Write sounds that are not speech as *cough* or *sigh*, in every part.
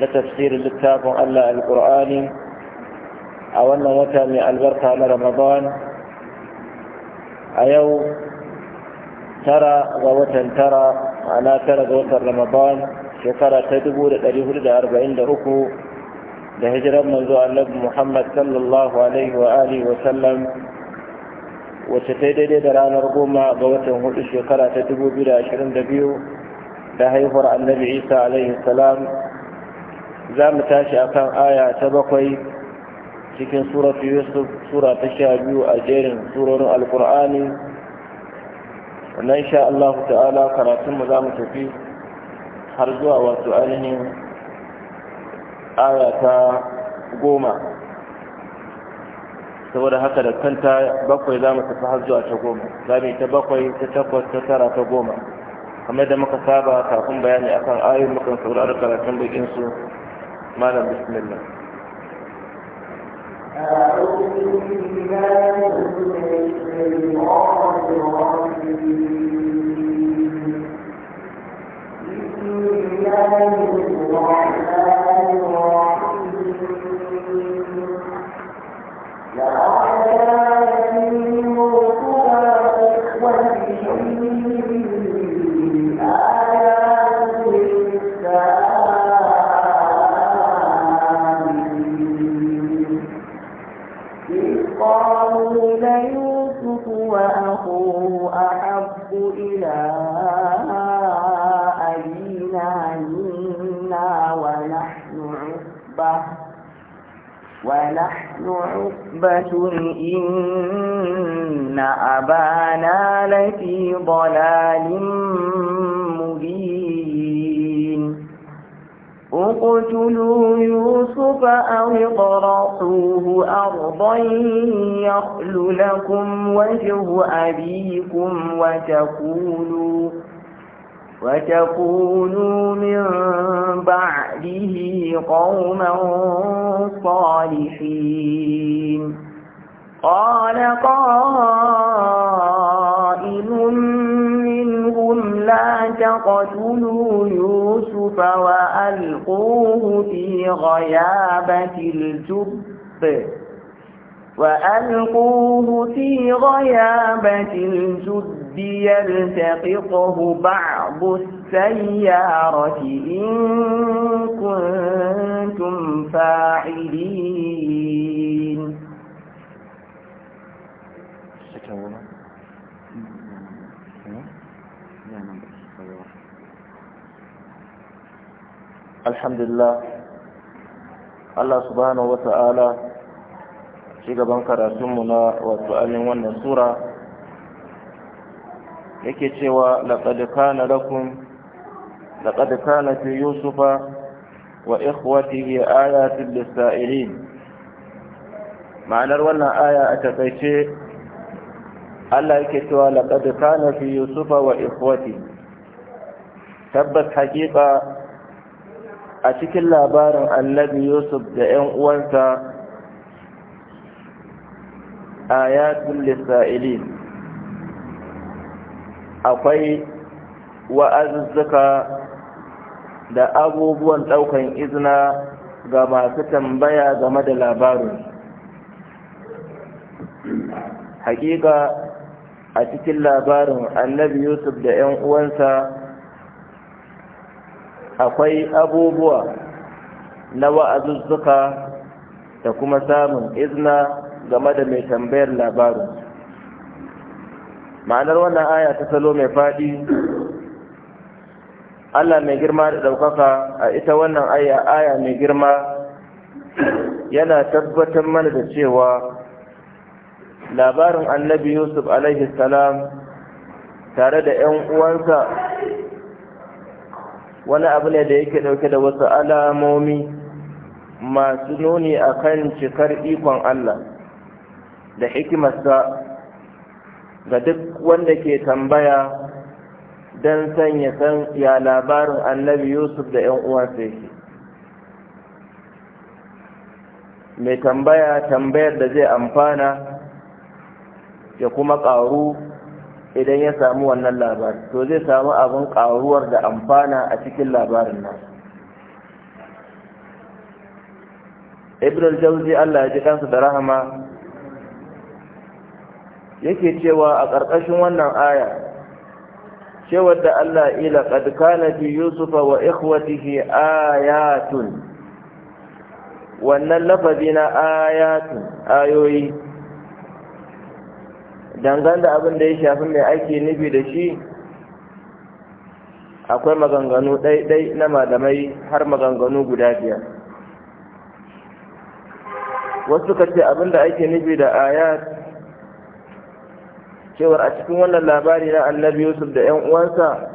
da tafsirin littafin Allah alƙur'ani a wannan wata mai albarka na Ramadan a yau tara ga watan tara ana tara ga watan Ramadan shekara ta 1443 da hijirar manzo annabi Muhammad sallallahu alaihi wa alihi wa sallam wacce ta daidai da ranar goma ga watan hudu shekara ta 2022 da haihuwar annabi Isa alaihi salam za mu tashi a kan aya ta bakwai cikin suratu yusuf sura ta sha biyu a jerin surorin alkur'ani wannan sha Allah ta'ala karatunmu za mu tafi har zuwa wasu ainihin aya ta goma saboda haka da kanta bakwai za mu tafi har zuwa ta goma za mu yi ta bakwai ta takwas ta tara ta goma kamar da muka saba kafin bayani akan ayoyin mukan saurari karatun su malam bismillah Aku ingin عُقْبَةٌ إِنَّ أَبَانَا لَفِي ضَلَالٍ مُبِينٍ اقتلوا يوسف أو اطرحوه أرضا يخل لكم وجه أبيكم وتقولوا وتكونوا من بعده قوما صالحين قال قائل منهم لا تقتلوا يوسف وألقوه في غيابة الجب وألقوه في غيابة الجب يلتقطه بعض السيارة إن كنتم فاعلين الحمد لله الله سبحانه وتعالى shi gaban karatunmu na wato alin wannan sura yake cewa laqad kana lakum fi yusufa wa ikhwatihi ayatul lisa'ilin ma'anar wannan aya a takaice Allah yake cewa laqad kana fi yusufa wa ikhwati tabbas hakika a cikin labarin annabi yusuf da ƴan uwansa ayatul lisa'ilin akwai wa'azuzzuka da abubuwan ɗaukan izina ga masu tambaya game da labarin hakika a cikin labarin annabi yusuf da 'yan uwansa akwai abubuwa na wa'azuzzuka da kuma samun izina game da mai tambayar labarin ma'anar wannan aya ta salo mai faɗi Allah mai girma da ɗaukaka a ita wannan aya aya mai girma yana tabbatar mana da cewa labarin annabi yusuf alaihi salam tare da 'yan uwansa wani abu ne da yake ɗauke da wasu alamomi masu nuni akan cikar ikon Allah da hikimarsa ga duk wanda ke tambaya don sanya ya san ya labarin annabi yusuf da yan uwansa yake mai tambaya tambayar da zai amfana ya kuma ƙaru idan ya samu wannan labari to zai samu abin ƙaruwar da amfana a cikin labarin nan ibn al-jawzi Allah ya ji kansa da rahama yake cewa a ƙarƙashin wannan aya cewar da Allah ila qad kana fi yusufa wa ikhwatihi ayatun wannan lafazi na ayatun ayoyi dangane da abin da ya shafi mai ake nufi da shi akwai maganganu dai-dai na malamai har maganganu guda biyar wasu kace abin da ake nufi da ayat cewar a cikin wannan labari na annabi yusuf da ‘yan uwansa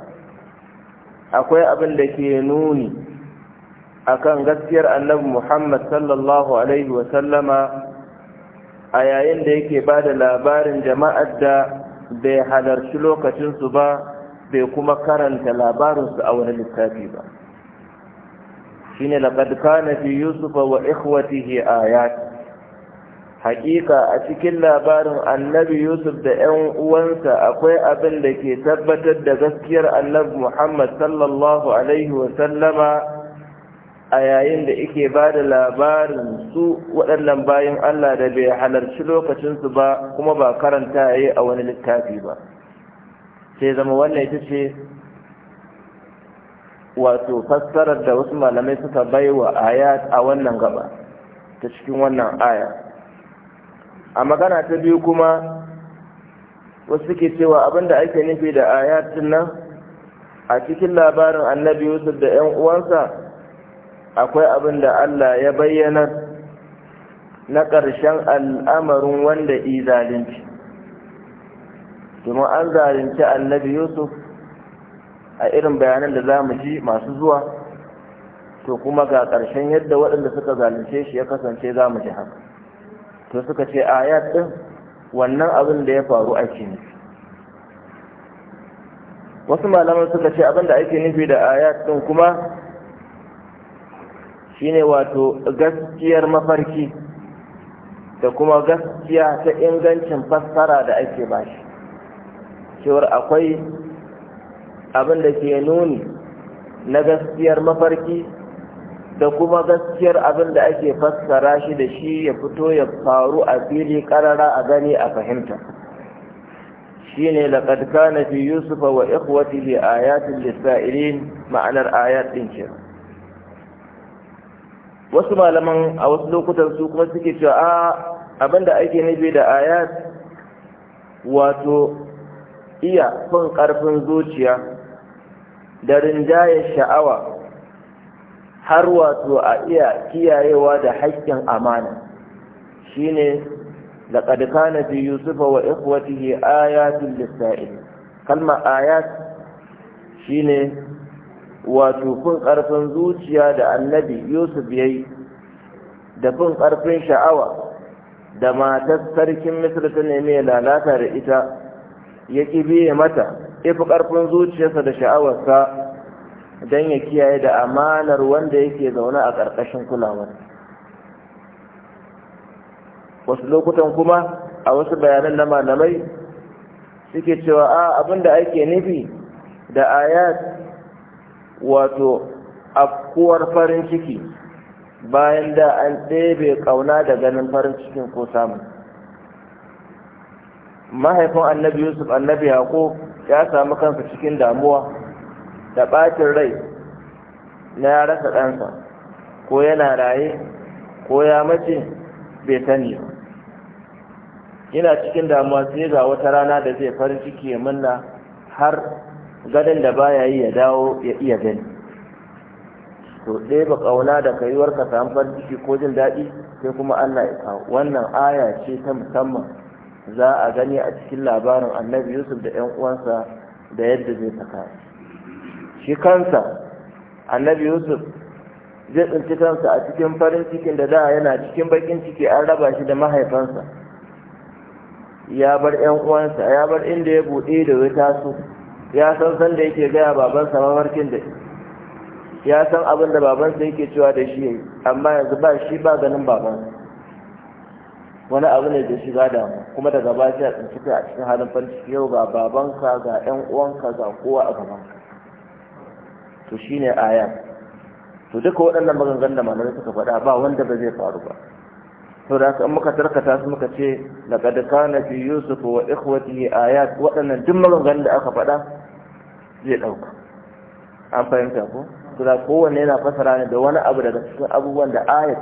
akwai abin da ke nuni akan gaskiyar annabi muhammad sallallahu alaihi wasallama a yayin da yake ba da labarin jama'ar da bai halarci lokacinsu ba bai kuma karanta labarinsu a wani littafi ba shine laqad kana fi yusufa wa ikhwatihi ayat hakika a cikin labarin annabi yusuf da 'yan uwansa akwai abin da ke tabbatar da gaskiyar annabi muhammad sallallahu alaihi sallama a yayin da ike ba da labarin su waɗannan bayan allah da bai halarci lokacinsu ba kuma ba karanta ya a wani littafi ba sai zama wannan ita ce wato fassarar da wasu malamai suka baiwa ayat a wannan gaba ta cikin wannan aya a magana ta biyu kuma wasu ke cewa abinda ake nufi da ayatun nan a cikin labarin annabi yusuf da 'yan uwansa akwai abin da allah ya bayyana na ƙarshen al'amarin wanda i zalunci domin an zalunci annabi yusuf a irin bayanan da za mu ji masu zuwa to kuma ga ƙarshen yadda waɗanda suka zalunce shi ya kasance za mu ji haka to suka ce ayat din wannan abin da ya faru ake nufi wasu malaman suka ce abin da ake nufi da ayat ɗin kuma shine wato gaskiyar mafarki da kuma gaskiya ta ingancin fassara da ake bashi cewar akwai abin da ke nuni na gaskiyar mafarki da kuma gaskiyar abin da ake fassara shi da shi ya fito ya faru a fili karara a gani a fahimta shi ne laƙad kana fi yusufa wa ikhwatihi ayatin lissa'irin ma'anar ayat ɗin ce. wasu malaman a wasu lokutan su kuma suke cewa a abin da ake nufi da ayat wato iya fin ƙarfin zuciya da rinjayar sha'awa har wato a iya kiyayewa da haƙƙin amana shine laqad kana fi yusufa wa ikhwatihi ayatin lis-sa'il kalma ayat shine wato kun ƙarfin zuciya da annabi yusuf yayi yi da kun ƙarfin sha'awa da matar sarkin misir ta nemi ya lalata da ita ya ƙi biye mata if karfin zuciyarsa da sha'awarsa Dan ya kiyaye da amanar wanda yake zaune a ƙarƙashin kulawa. wasu lokutan kuma a wasu bayanan na malamai suke cewa a abinda ake nufi da ayat wato afkuwar farin ciki bayan da an ɗebe ƙauna da ganin farin cikin ko samu. mahaifin annabi yusuf annabi yaƙo ya samu kansa cikin damuwa da ɓacin rai na ya rasa ɗansa ko yana raye ko ya mace bai sani ba yana cikin damuwa sai ga wata rana da zai farin ciki ya manna har gadon da baya yi ya dawo ya iya gani to ɗaya ba ƙauna da kaiwar ka samu farin ciki ko jin daɗi sai kuma Allah ya kawo wannan aya ce ta musamman za a gani a cikin labarin annabi yusuf da 'yan uwansa da yadda zai ta shi kansa annabi yusuf zai tsinci kansa a cikin farin cikin da da yana cikin bakin ciki an raba shi da mahaifansa ya bar yan uwansa ya bar inda ya buɗe da ya taso ya san san da yake gaya babansa mafarkin da ya san abin da babansa yake cewa da shi amma yanzu ba shi ba ganin babansa wani abu ne da shiga da kuma daga ba shi a tsinci a cikin halin farin ciki yau ga babanka ga yan uwanka ga kowa a gabanka to shine ayat to duka waɗannan maganganun da malamai suka faɗa ba wanda ba zai faru ba to da aka muka tarkata su muka ce laqad kana fi yusuf wa ikhwatihi ayat waɗannan duk maganganun da aka faɗa zai ɗauka an fahimta ko to da kowanne yana fasara ne da wani abu daga cikin abubuwan da ayat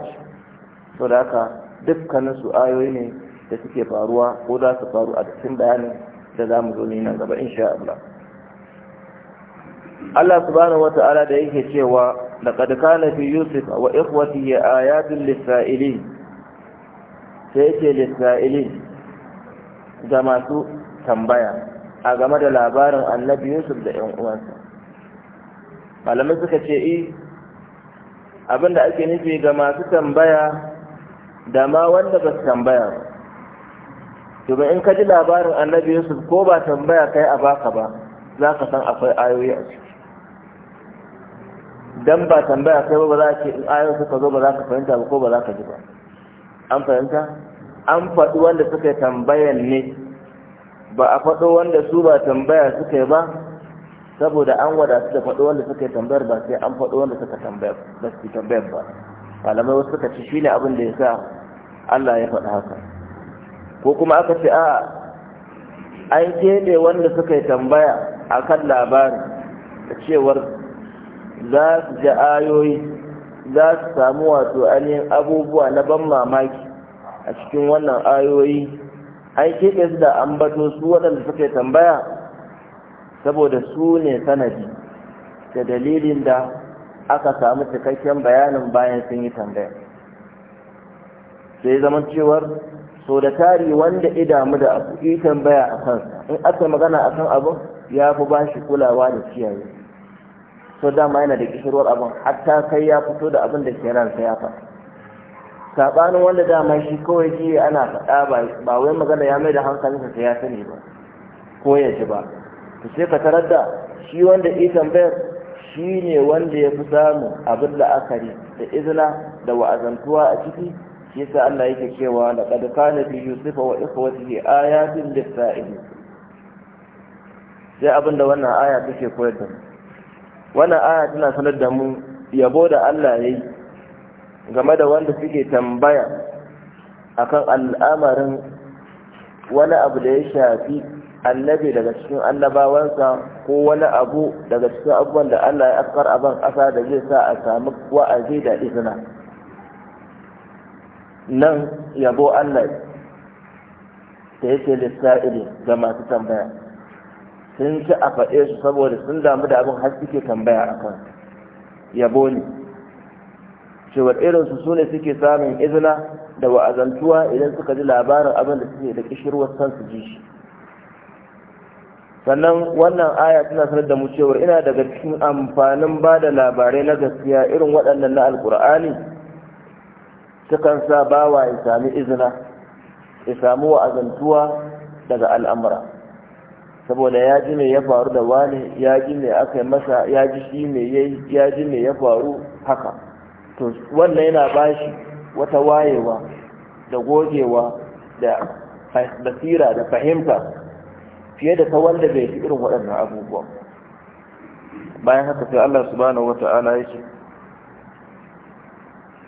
to da aka dukkanin su ayoyi ne da suke faruwa ko za su faru a cikin bayanin da za mu zo ne nan gaba insha Allah Allah subhanahu wata'ala da yake cewa laqad kana fi yusuf wa ikhwatihi ayatun lis-sa'ilin sai yake lis-sa'ilin ga masu tambaya a game da labarin annabi yusuf da ƴan uwansa malamai suka ce i eh, abinda ake nufi ga masu tambaya da ma wanda ba su tambaya ba in ka ji labarin annabi yusuf ko ba tambaya kai a baka ba za ka san akwai ayoyi a ciki dan ba tambaya kai ba ba za a ce in ayoyin suka zo ba za ka fahimta ba ko ba za ka ji ba an fahimta an faɗi wanda suka tambayan ne ba a faɗo wanda su ba tambaya suka ba saboda an wadatu da faɗo wanda suka tambayar ba sai an faɗo wanda suka tambaya ba su tambayar ba malamai wasu suka ci shine abin da ya sa Allah ya faɗi haka ko kuma aka ce a an keɓe wanda suka yi tambaya akan labarin da cewar za su ji ayoyi za su samu wato ainihin abubuwa na ban mamaki a cikin wannan ayoyi an keɓe su da ambato su waɗanda suka yi tambaya saboda su ne sanadi da dalilin da aka samu cikakken bayanin bayan sun yi tambaya sai zaman cewar so da tari wanda idamu da abu yi tambaya a kansa in aka magana a kan abin ya fi ba shi kulawa da kiyaye so dama yana da kishirwar abin hatta kai ya fito da abin da ke ransa ya fa saɓanin wanda dama shi kawai ji ana faɗa ba wai magana ya mai da hankalin sa ya sani ba ko ya ji ba to sai ka tarar da shi wanda i tambayar shi ne wanda ya fi samu abin la'akari da izina da wa'azantuwa a ciki shi yasa Allah yake cewa laqad kana fi yusufa wa ikhwatihi ayatin lis-sa'ilin sai abinda wannan aya take koyar da mu wannan aya tana sanar da mu yabo da Allah ya yi game da wanda suke tambaya akan al'amarin wani abu da ya shafi annabi daga cikin annabawansa ko wani abu daga cikin abubuwan da Allah ya afkar a ban ƙasa da zai sa a samu wa'azi da izina nan yabo Allah da yake lissa'ili ga masu tambaya sun ci a faɗe su saboda sun damu da abin har suke tambaya a kan yabo ne cewar irinsu su ne suke samun izina da wa'azantuwa idan suka ji labarin abin da suke da kishirwar san su ji shi sannan wannan aya tana sanar da mu cewar ina daga cikin amfanin ba da labarai na gaskiya irin waɗannan na alkur'ani sukan sa bawa ya sami izina ya sami wa'azantuwa daga al'amura saboda ya ji me ya faru da wani ya ji me aka masa ya ji shi me ya ji me ya faru haka to wannan yana bashi wata wayewa da gogewa da basira da fahimta fiye da ta wanda bai fi irin waɗannan abubuwa bayan haka sai Allah subhanahu wata'ala yake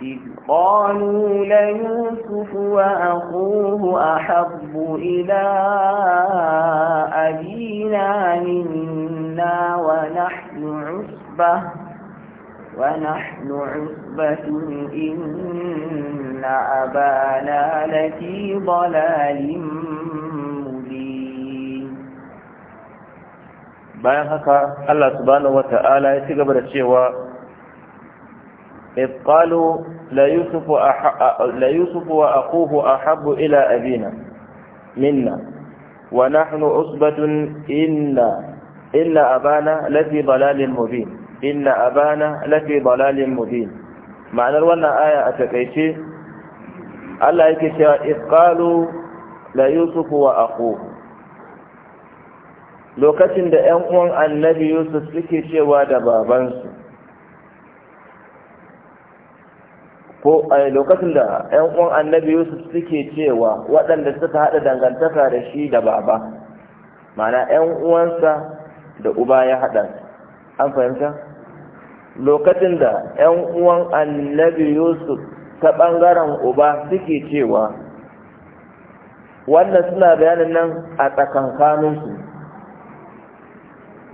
إذ قالوا ليوسف وأخوه أحب إلى أبينا منا ونحن عصبة ونحن عصبة إن أبانا لفي ضلال bayan haka Allah subhanahu wata'ala ya ci gaba da cewa إذ قالوا ليوسف, أح... ليوسف وأخوه أحب إلى أبينا منا ونحن عصبة إنا إن أبانا لفي ضلال مبين إن أبانا لفي ضلال مبين معنى الوانا آية أتكيشي الله يكشي إذ قالوا ليوسف وأخوه lokacin da ‘yan uwan annabi Yusuf suke cewa da babansu, ko a eh, lokacin da 'yan uwan annabi yusuf suke cewa waɗanda suka haɗa dangantaka da shi da baba mana 'yan uwansa da uba ya haɗa an fahimta lokacin da 'yan uwan annabi yusuf ta ɓangaren uba suke cewa wannan suna bayanin nan a tsakankaninsu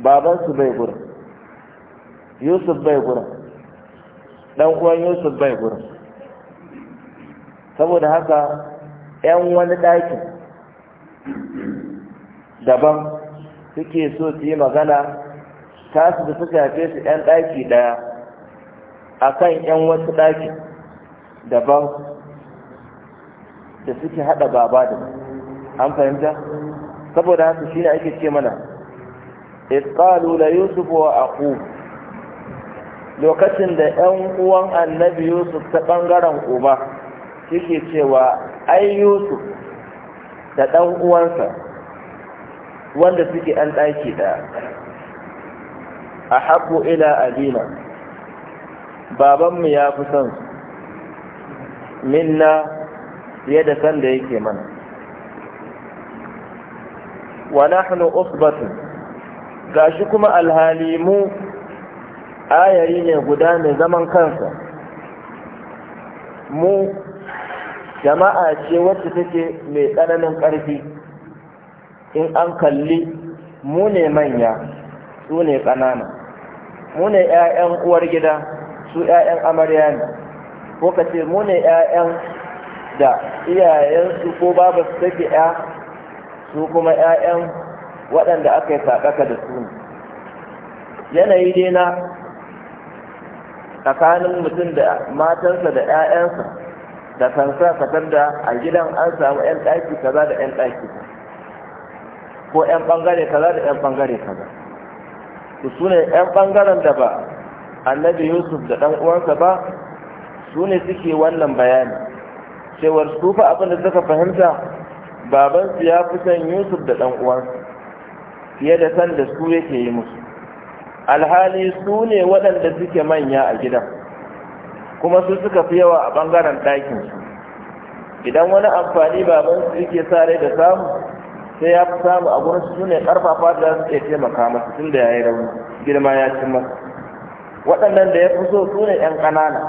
babansu bai gurin yusuf bai gurin ɗan uwan yusuf bai gurin saboda haka 'yan wani ɗakin daban suke so su yi magana su da suka yafe su 'yan ɗaki ɗaya a kan 'yan wasu ɗaki daban da suke haɗa baba da an fahimta saboda haka shi ne ake ce mana isqalu la yusuf wa aku lokacin da 'yan uwan annabi yusuf ta ɓangaren uba yake cewa ai yusuf da ɗan uwansa wanda suke an ɗaki ɗaya a haɓo ila abina babanmu ya fi son minna fiye da san da yake mana wa nahnu Ga shi kuma alhali mu ayari ne guda mai zaman kansa mu jama'a ce wacce take mai tsananin ƙarfi in an kalli mu ne manya su ne ƙanana mu ne 'ya'yan uwar gida su 'ya'yan amarya ne ko ka ce mu ne 'ya'yan da iyayensu ko babu su take 'ya su kuma 'ya'yan waɗanda aka yi saƙaƙa da su ne yanayi dai na tsakanin mutum da matansa da 'ya'yansa da kansa ka da a gidan an samu yan ɗaki kaza da yan ɗaki ko yan ɓangare kaza da yan ɓangare kaza su su ne yan ɓangaren da ba annabi yusuf da ɗan uwansa ba su ne suke wannan bayani cewar su fa abin da suka fahimta babansu ya fi son yusuf da ɗan uwansa fiye da san da su yake yi musu alhali su ne waɗanda suke manya a gidan kuma su suka fi yawa a ɓangaren ɗakin su idan wani amfani baban su yake sa rai da samu sai ya fi samu a gurin su ne ƙarfafa da su ke taimaka masu tun da ya yi rauni girma ya ci masu waɗannan da ya fi so su ne 'yan ƙanana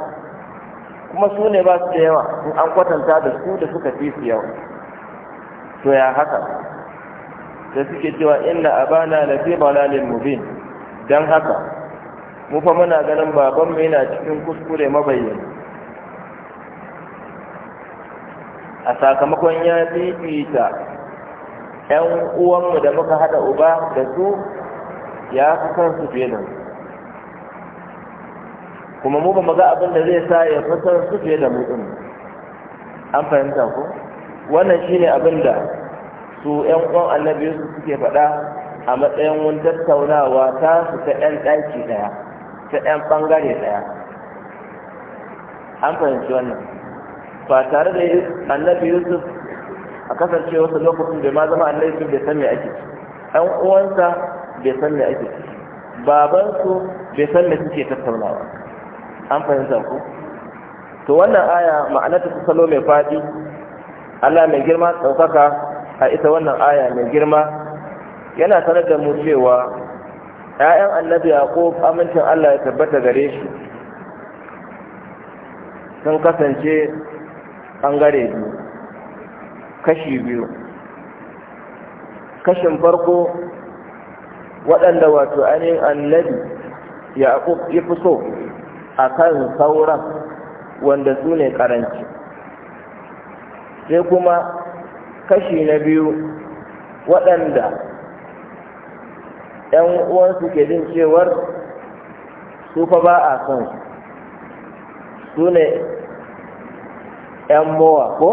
kuma su ne ba su da yawa in an kwatanta da su da suka fi su yawa to ya haka da suke cewa inna abana lafi balalin mubin don haka mu fa muna ganin babanmu yana cikin kuskure mabayyana a sakamakon ya fifita 'yan uwanmu da muka haɗa uba da su ya fi kansu fiye da mu kuma mu ba mu ga abin da zai sa ya fasar su fiye da mu an fahimta ku? wannan shine abin da su ƴan uwan annabi su suke faɗa a matsayin wani tattaunawa ta su ta ƴan ɗaki ɗaya ta ɗan ɓangare ɗaya an fahimci wannan ba tare da annabi yusuf a kasance wasu lokacin bai ma zama annabi yusuf bai san me ake ɗan uwansa bai san me ake babansu bai san me suke tattaunawa an fahimta ku to wannan aya ma'anar ta salo mai faɗi Allah mai girma ɗaukaka a ita wannan aya mai girma yana sanar da mu cewa ‘ya'yan annabi yaƙub amincin Allah ya tabbata gare shi sun kasance ɓangare biyu kashi biyu kashin farko waɗanda wato ainihin annabi yaƙub ya fi so a kan sauran wanda su ne ƙaranci sai kuma kashi na biyu waɗanda 'yan uwansu ke jin cewar su fa ba a son su ne 'yan mowa ko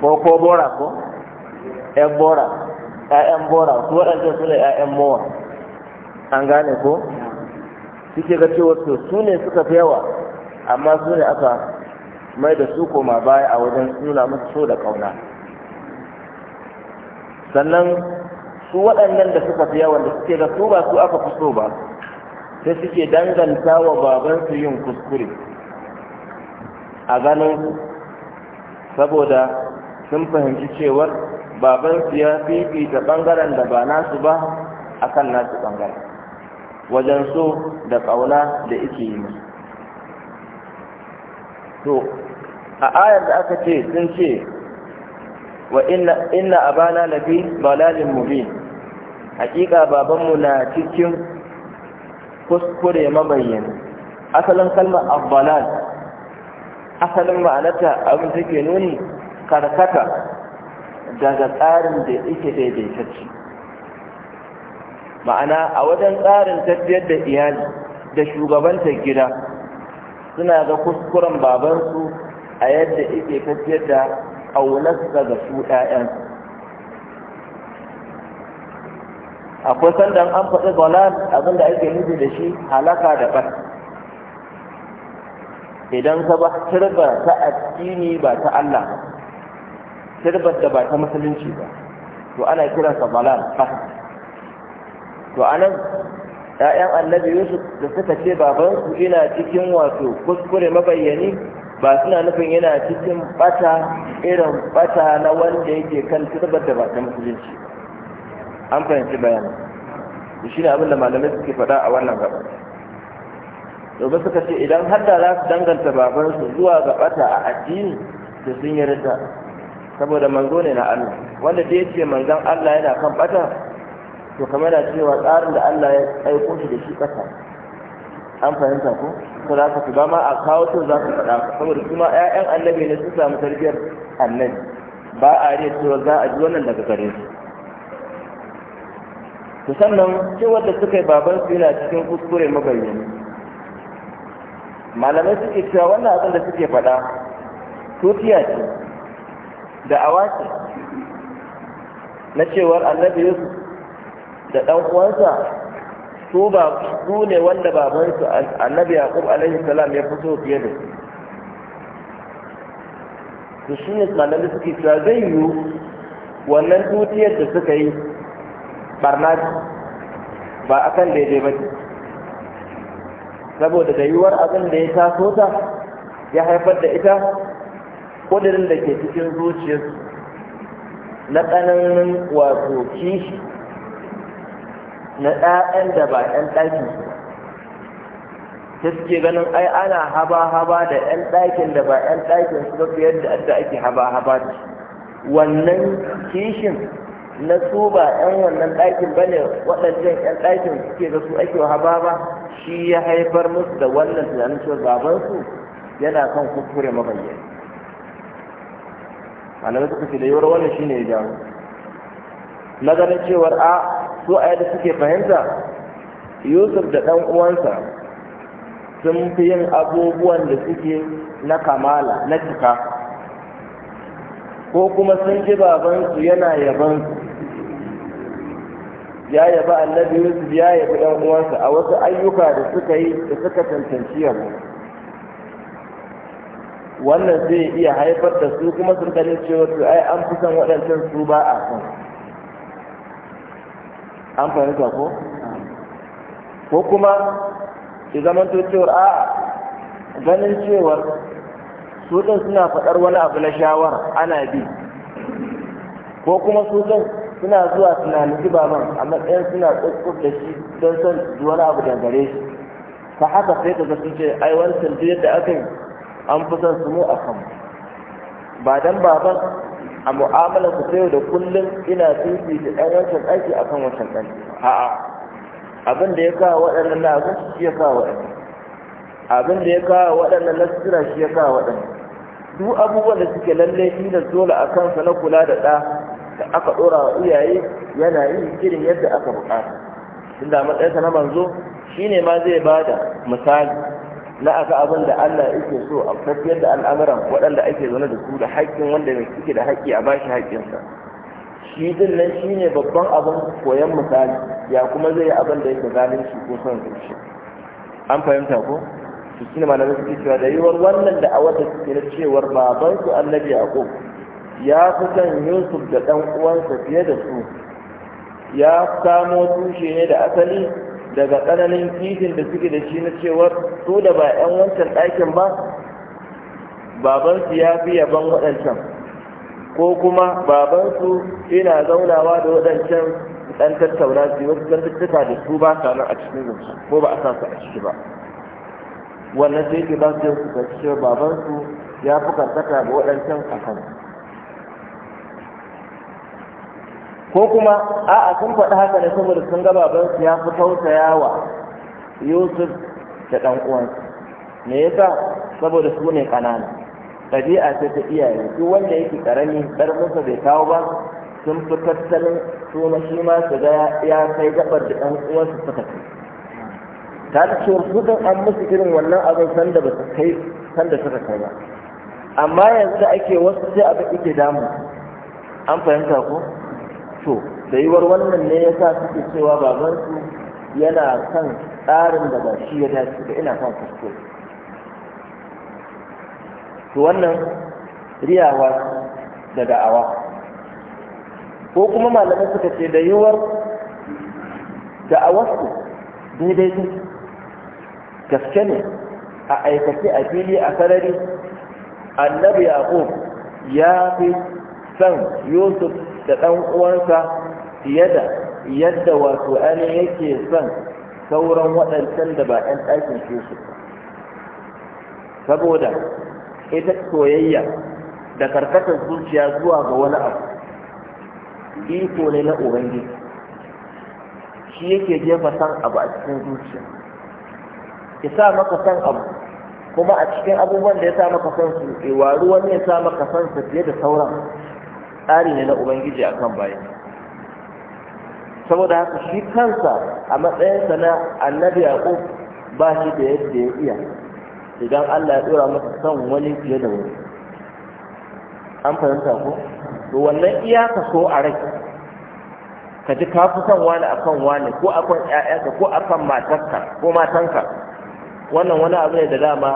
ko ko bora ko 'yan bora 'ya'yan bora su waɗanda su ne 'ya'yan mowa an gane ko suke ga cewar su su ne suka fi yawa amma su ne aka mai da su koma baya a wajen nuna musu so da ƙauna sannan su waɗannan da suka fi wanda da suke da su ba su aka fi so ba sai suke danganta wa babansu yin kuskure a ganin saboda sun fahimci cewar babansu ya fifita ɓangaren da ba nasu ba a kan nasu ɓangaren wajen so da ƙauna da ike yi to a ayar da aka ce sun ce wa inna abana lafi balalin mubin hakika babanmu na cikin kuskure mabayyana asalin kalmar abbalal asalin ma'anarta abin take nuni karkata daga tsarin da yake daidaitacce ma'ana a wajen tsarin tafiyar da iyali da shugabanta gida suna ga kuskuren babansu a yadda yake tafiyar da aunarsa ga su 'ya'yansu akwai sandan an faɗi balal abin da ake nufi da shi halaka da ɓar idan ka ba turba ta addini ba ta Allah ba da ba ta musulunci ba to ana kiransa balal ɓar to anan ‘ya'yan annabi yusuf da suka ce babansu ina cikin wato kuskure mabayyani ba suna nufin yana cikin bata irin bata na wanda yake kan turbar da ba ta musulunci ba an fahimci da shi ne abinda malamai suke faɗa a wannan gaba domin suka ce idan har da za su danganta babansu zuwa ga bata a addini da sun yi rita saboda manzo ne na Allah wanda da ya ce manzon Allah yana kan bata to kamar da cewa tsarin da Allah ya aiko shi da shi bata an fahimta ko ko za ka ba ma a kawo to za ka faɗa saboda kuma ƴaƴan annabi ne sun samu tarbiyar annabi ba a riya cewa za a ji wannan daga gare su to sannan ce wadda suka yi baban su yana cikin kuskure mabayyani malamai suke cewa wannan abin da suke faɗa tutiya ce da awace na cewar annabi yusuf da ɗan uwansa su ba su ne wanda babansu annabi yaqub alaihi salam ya fito fiye da su su shi ne malamai suke cewa zai yiwu wannan tutiyar da suka yi barna ba a kan daidai ba ce saboda da yiwuwar abin da ya taso ta ya haifar da ita ƙudurin da ke cikin zuciyar na ƙananan wato kishi na ɗayan da ba ɗan ɗakin su ta suke ganin ai ana haba-haba da ɗan ɗakin da ba ɗan ɗakin su ba fiye da ake haba-haba da wannan kishin na su ba 'yan wannan ɗakin ba ne waɗancan 'yan ɗakin suke da su ake wa ba shi ya haifar musu da wannan tunanin cewa babansu yana kan kuskure mabayyana malamai suka ce da yawar wannan shi ne ya jawo na ganin cewar a su a yadda suke fahimta yusuf da ɗan uwansa sun fi yin abubuwan da suke na kamala na cika ko kuma sun ji babansu yana yabansu ya yaba annabi yusuf ya yabi ɗan uwansa a wasu ayyuka da suka yi da suka cancanci yabo wannan zai iya haifar da su kuma sun ganin cewa su ai an fi son waɗancan su ba a son an fahimta ko ko kuma ki to cewa a'a ganin cewar su ɗin suna faɗar wani abu na shawara ana bi ko kuma su ɗin suna zuwa suna nufi man a matsayin suna tsukkuf da shi don son wani abu dangare shi ta haka sai ka zafi ce ai wancan duk yadda aka yi an fi son su mu a kan ba dan baban a mu'amala ku sayo da kullum ina fifi da ɗan wancan a akan wancan ɗan a'a abin da ya kawo waɗannan na abin shi ya kawo waɗannan abin da ya kawo waɗannan na sutura shi ya kawo waɗannan duk abubuwan da suke lalle shi da dole a kansa na kula da ɗa da aka ɗora wa iyaye yana yi irin yadda aka buƙata tunda matsayinsa na manzo shine ma zai ba da misali na aka abin da Allah yake so a tafiyar da al'amuran waɗanda ake zaune da su da haƙƙin wanda mai suke da haƙƙi a bashi haƙƙinsa shi din nan shine babban abin koyon misali ya kuma zai yi abin da yake zalunci ko son zuciya an fahimta ko su ne malamai suke cewa da yiwuwar wannan da a wata suke na cewar babansu annabi yaqub ya fi son yusuf da ɗan uwansa fiye da su ya samo tushe ne da asali daga tsananin kishin da suke da shi na cewar su da ba 'yan wancan ɗakin ba babansu ya fi yaban waɗancan ko kuma babansu ina zaunawa da waɗancan ɗan tattauna su wasu zantuttuka da su ba sa nan a cikin zuwa ko ba a sa su a ciki ba wannan sai ke ba su yau su babansu ya fi tsaka ga waɗancan a kan ko kuma a'a sun faɗi haka ne saboda sun ga babansu ya fi tausayawa yusuf da ɗan uwansu me yasa saboda su ne ƙanana ɗabi'a ce ta iyaye duk wanda yake ƙarami ƙarfinsa bai kawo ba sun fi tattalin su ma shi ma su ga ya kai gabar da ɗan uwansu suka kai ta da cewa su an musu irin wannan abin sanda ba su kai sanda suka kai ba amma yanzu da ake wasu sai abin ike damu an fahimta ko to tsayuwar wannan ne yasa suke cewa baban su yana kan tsarin da ba shi ya dace da ina kan kuskure to wannan riyawa da da'awa ko kuma malamai suka ce da yiwuwar da'awarsu daidai ne gaske ne a aikace a fili a sarari annabi yaqub ya fi san yusuf da ɗan uwansa fiye da yadda wato ainihin yake son sauran waɗancan da ba ɗan ɗakin ke su saboda ita soyayya da karkatar zuciya zuwa ga wani abu iko ne na ubangiji shi yake jefa san abu a cikin zuciya ya sa maka san abu kuma a cikin abubuwan da ya sa maka san su waru wani ya sa maka san su fiye da sauran tsari ne na ubangiji akan bayan saboda haka shi kansa a matsayinsa na annabi yaqub ba shi da yadda ya iya idan Allah ya dora masa son wani fiye da wani an fahimta ko to wannan iya so a rai ka ji ka fi son wani akan wani ko ya'ya ƴaƴanka ko akan matarka ko matanka wannan wani abu ne da dama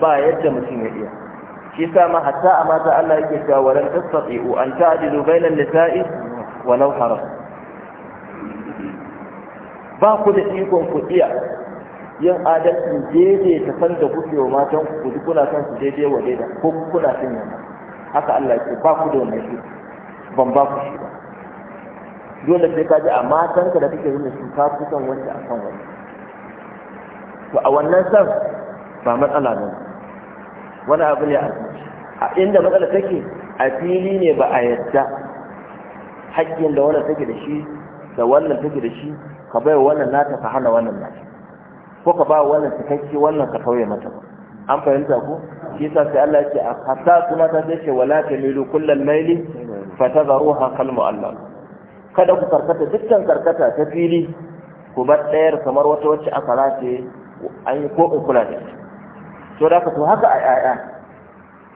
ba yadda mutum ya iya shi yasa ma hatta a mata Allah yake cewa walan tastati'u an ta'dilu bainan nisa'i walau haram ba ku da ikon ku iya yin adalcin daidai ta san da kuke wa matan ku duk kuna san su daidai wa daida ko kuna san yana haka Allah ce ba ku da wannan shi ban ba ku shi ba dole sai ka ji a matan ka da kake yin shi ka fi wanda a kan wani to a wannan san ba matsala ne wani abu ne a inda matsala take a fili ne ba a yadda haƙƙin da wannan take da shi da wannan take da shi ka bai wannan nata ka hana wannan nata ko ka ba wannan cikakke wannan ka tauye mata an fahimta ko shi yasa sai Allah yake a hasa kuma ta ce wala tamilu kullal maili fatadharuha kal mu'allaq kada ku karkata dukkan karkata ta fili ku bar ɗayar kamar wata wacce aka race an yi ko in kula da ita to da to haka a 'ya'ya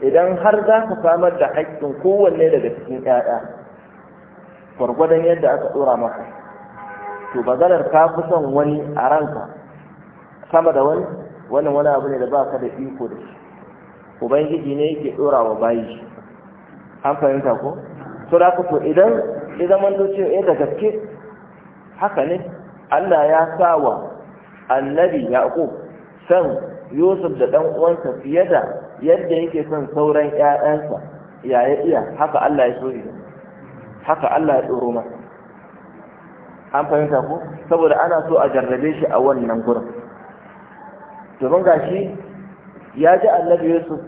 idan har za ka samar da haƙƙin kowanne daga cikin 'ya'ya gwargwadon yadda aka ɗora maka to maganar ka fi son wani a ranka sama da wani wannan wani abu ne da ba ka da iko da shi ubangiji ne yake ɗora wa bayi an fahimta ko to da to idan ya zama to ya eh da gaske haka ne Allah ya sa wa annabi Yaqub san yusuf da ɗan uwansa fiye da yadda yake son sauran ƴaƴansa ya ya iya haka Allah ya so haka Allah ya tsoro masa an fahimta ku? saboda ana so a jarrabe shi a wannan gurin domin shi ya ji annabi yusuf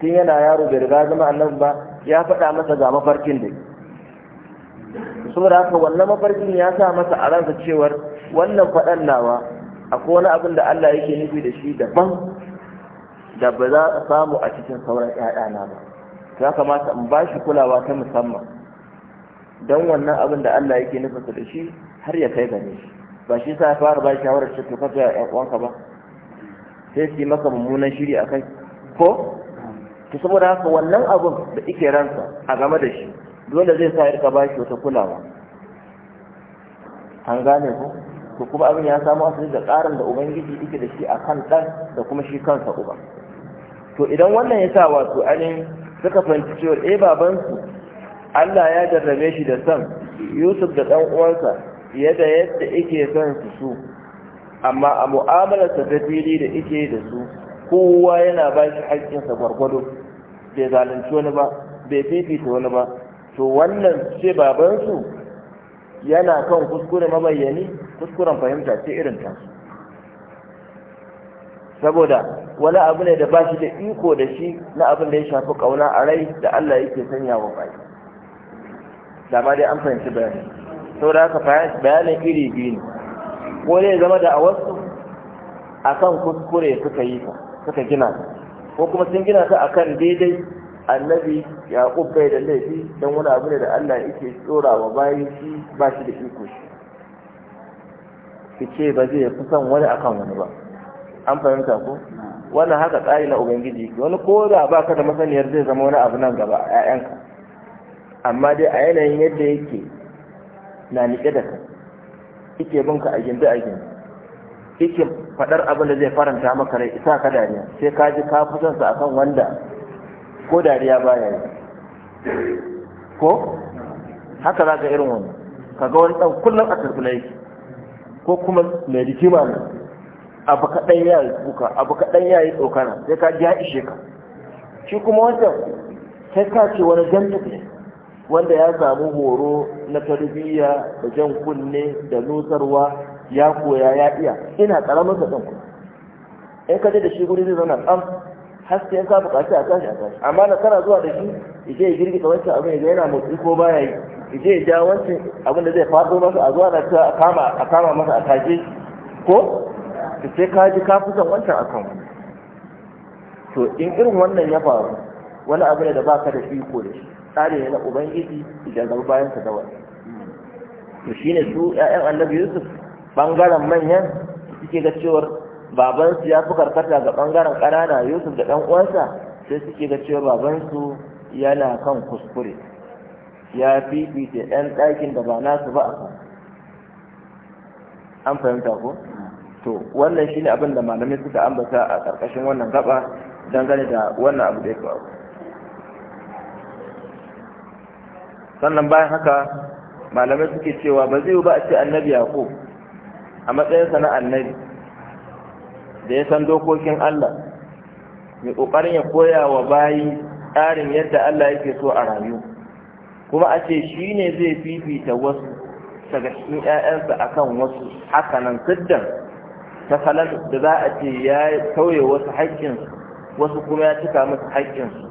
tun yana yaro bai riga zama annabi ba ya faɗa masa ga mafarkin da saboda haka wannan mafarkin ya sa masa a ransa cewar wannan faɗan nawa akwai wani abin da Allah yake nufi da shi daban da ba za a samu a cikin sauran 'ya'yana ba ya kamata in ba shi kulawa ta musamman don wannan abin da Allah yake nufi da shi har ya kai gane shi ba shi sa fara ba shi hawar cikin kafa ya uwanka ba sai su maka mummunan shiri a kai ko ta saboda haka wannan abin da ike ransa a game da shi dole zai sa ya rika ba shi wata kulawa an gane ko to kuma abin ya samu asali da tsarin da ubangiji yake da shi a kan ɗan da kuma shi kansa uba to idan wannan ya sa wato ainihin suka fahimci cewa eh babansu Allah ya jarrabe shi da san Yusuf da ɗan uwansa fiye da yadda yake son su su amma a mu'amalarsa ta fili da yake da su kowa yana ba shi haƙƙinsa gwargwado bai zalunci wani ba bai fifita wani ba to wannan ce babansu yana kan kuskure mabayyani kuskuren fahimta ce irin ta saboda wani abu ne da ba shi da iko da shi na abin da ya shafi ƙauna a rai da Allah yake sanya wa bai da ma dai an fahimci bayani saboda haka bayanin iri biyu ne ko ne zama da a wasu akan kuskure suka yi ta suka gina ta ko kuma sun gina ta akan daidai annabi ya bai da laifi don wani abu ne da Allah yake tsora wa bayan shi ba shi da iko shi ki ce ba zai fi son wani akan wani ba an fahimta ko wannan haka tsari na ubangiji wani ko da ba ka da masaniyar zai zama wani abu nan gaba a ƴaƴanka amma dai a yanayin yadda yake na niƙe da ka yake bin ka a gindi a gindi yake faɗar abin da zai faranta maka rai isa ka dariya sai ka ji ka fi son sa akan wanda ko dariya baya yi ko haka za ka irin wani kaga wani ɗan kullum a turbula yake ko kuma mai rikima ne abu kaɗan ya yi kuka abu kaɗan ya yi tsokana sai ka ji haɗi sheka shi kuma wancan sai ka ce wani jantuk ne wanda ya samu horo na tarbiyya da jan kunne da nutsarwa ya koya ya iya ina karamin sa ɗanku in ka je da shi guri zai zauna tsam haske sai ya sa buƙaci a tashi a tashi amma na kana zuwa da shi ije ya girgita wancan abin ya yana motsi ko baya yi je ya ja wancan abinda zai faɗo masa a zuwa na ta a kama masa a tage ko ta sai ka ji ka fusan wancan akan ku. to in irin wannan ya faru wani abu ne da baka da ko da shi tsari ne na ubangiji idan zama bayan ka dawa to shine su ƴaƴan annabi yusuf bangaren manyan suke ga cewar babansu ya fi karkata ga bangaren ƙanana yusuf da ɗan uwansa sai suke ga cewa babansu yana kan kuskure ya fifita ɗan ɗakin da ba nasu ba a kan an fahimta ko to wannan shine abin da malamai suka ambata a ƙarƙashin wannan gaba dangane da wannan abu da ya faru sannan bayan haka malamai suke cewa ba zai ba a ce annabi yaƙo a matsayinsa na annabi da ya san dokokin Allah mai ƙoƙarin ya koya wa bayi tsarin yadda Allah yake so a rayu kuma a ce shi ne zai fifita wasu daga cikin ‘ya'yansa a kan wasu hakanan siddan ta halar da za a ce ya tauye wasu haƙƙinsu wasu kuma ya cika masu haƙƙinsu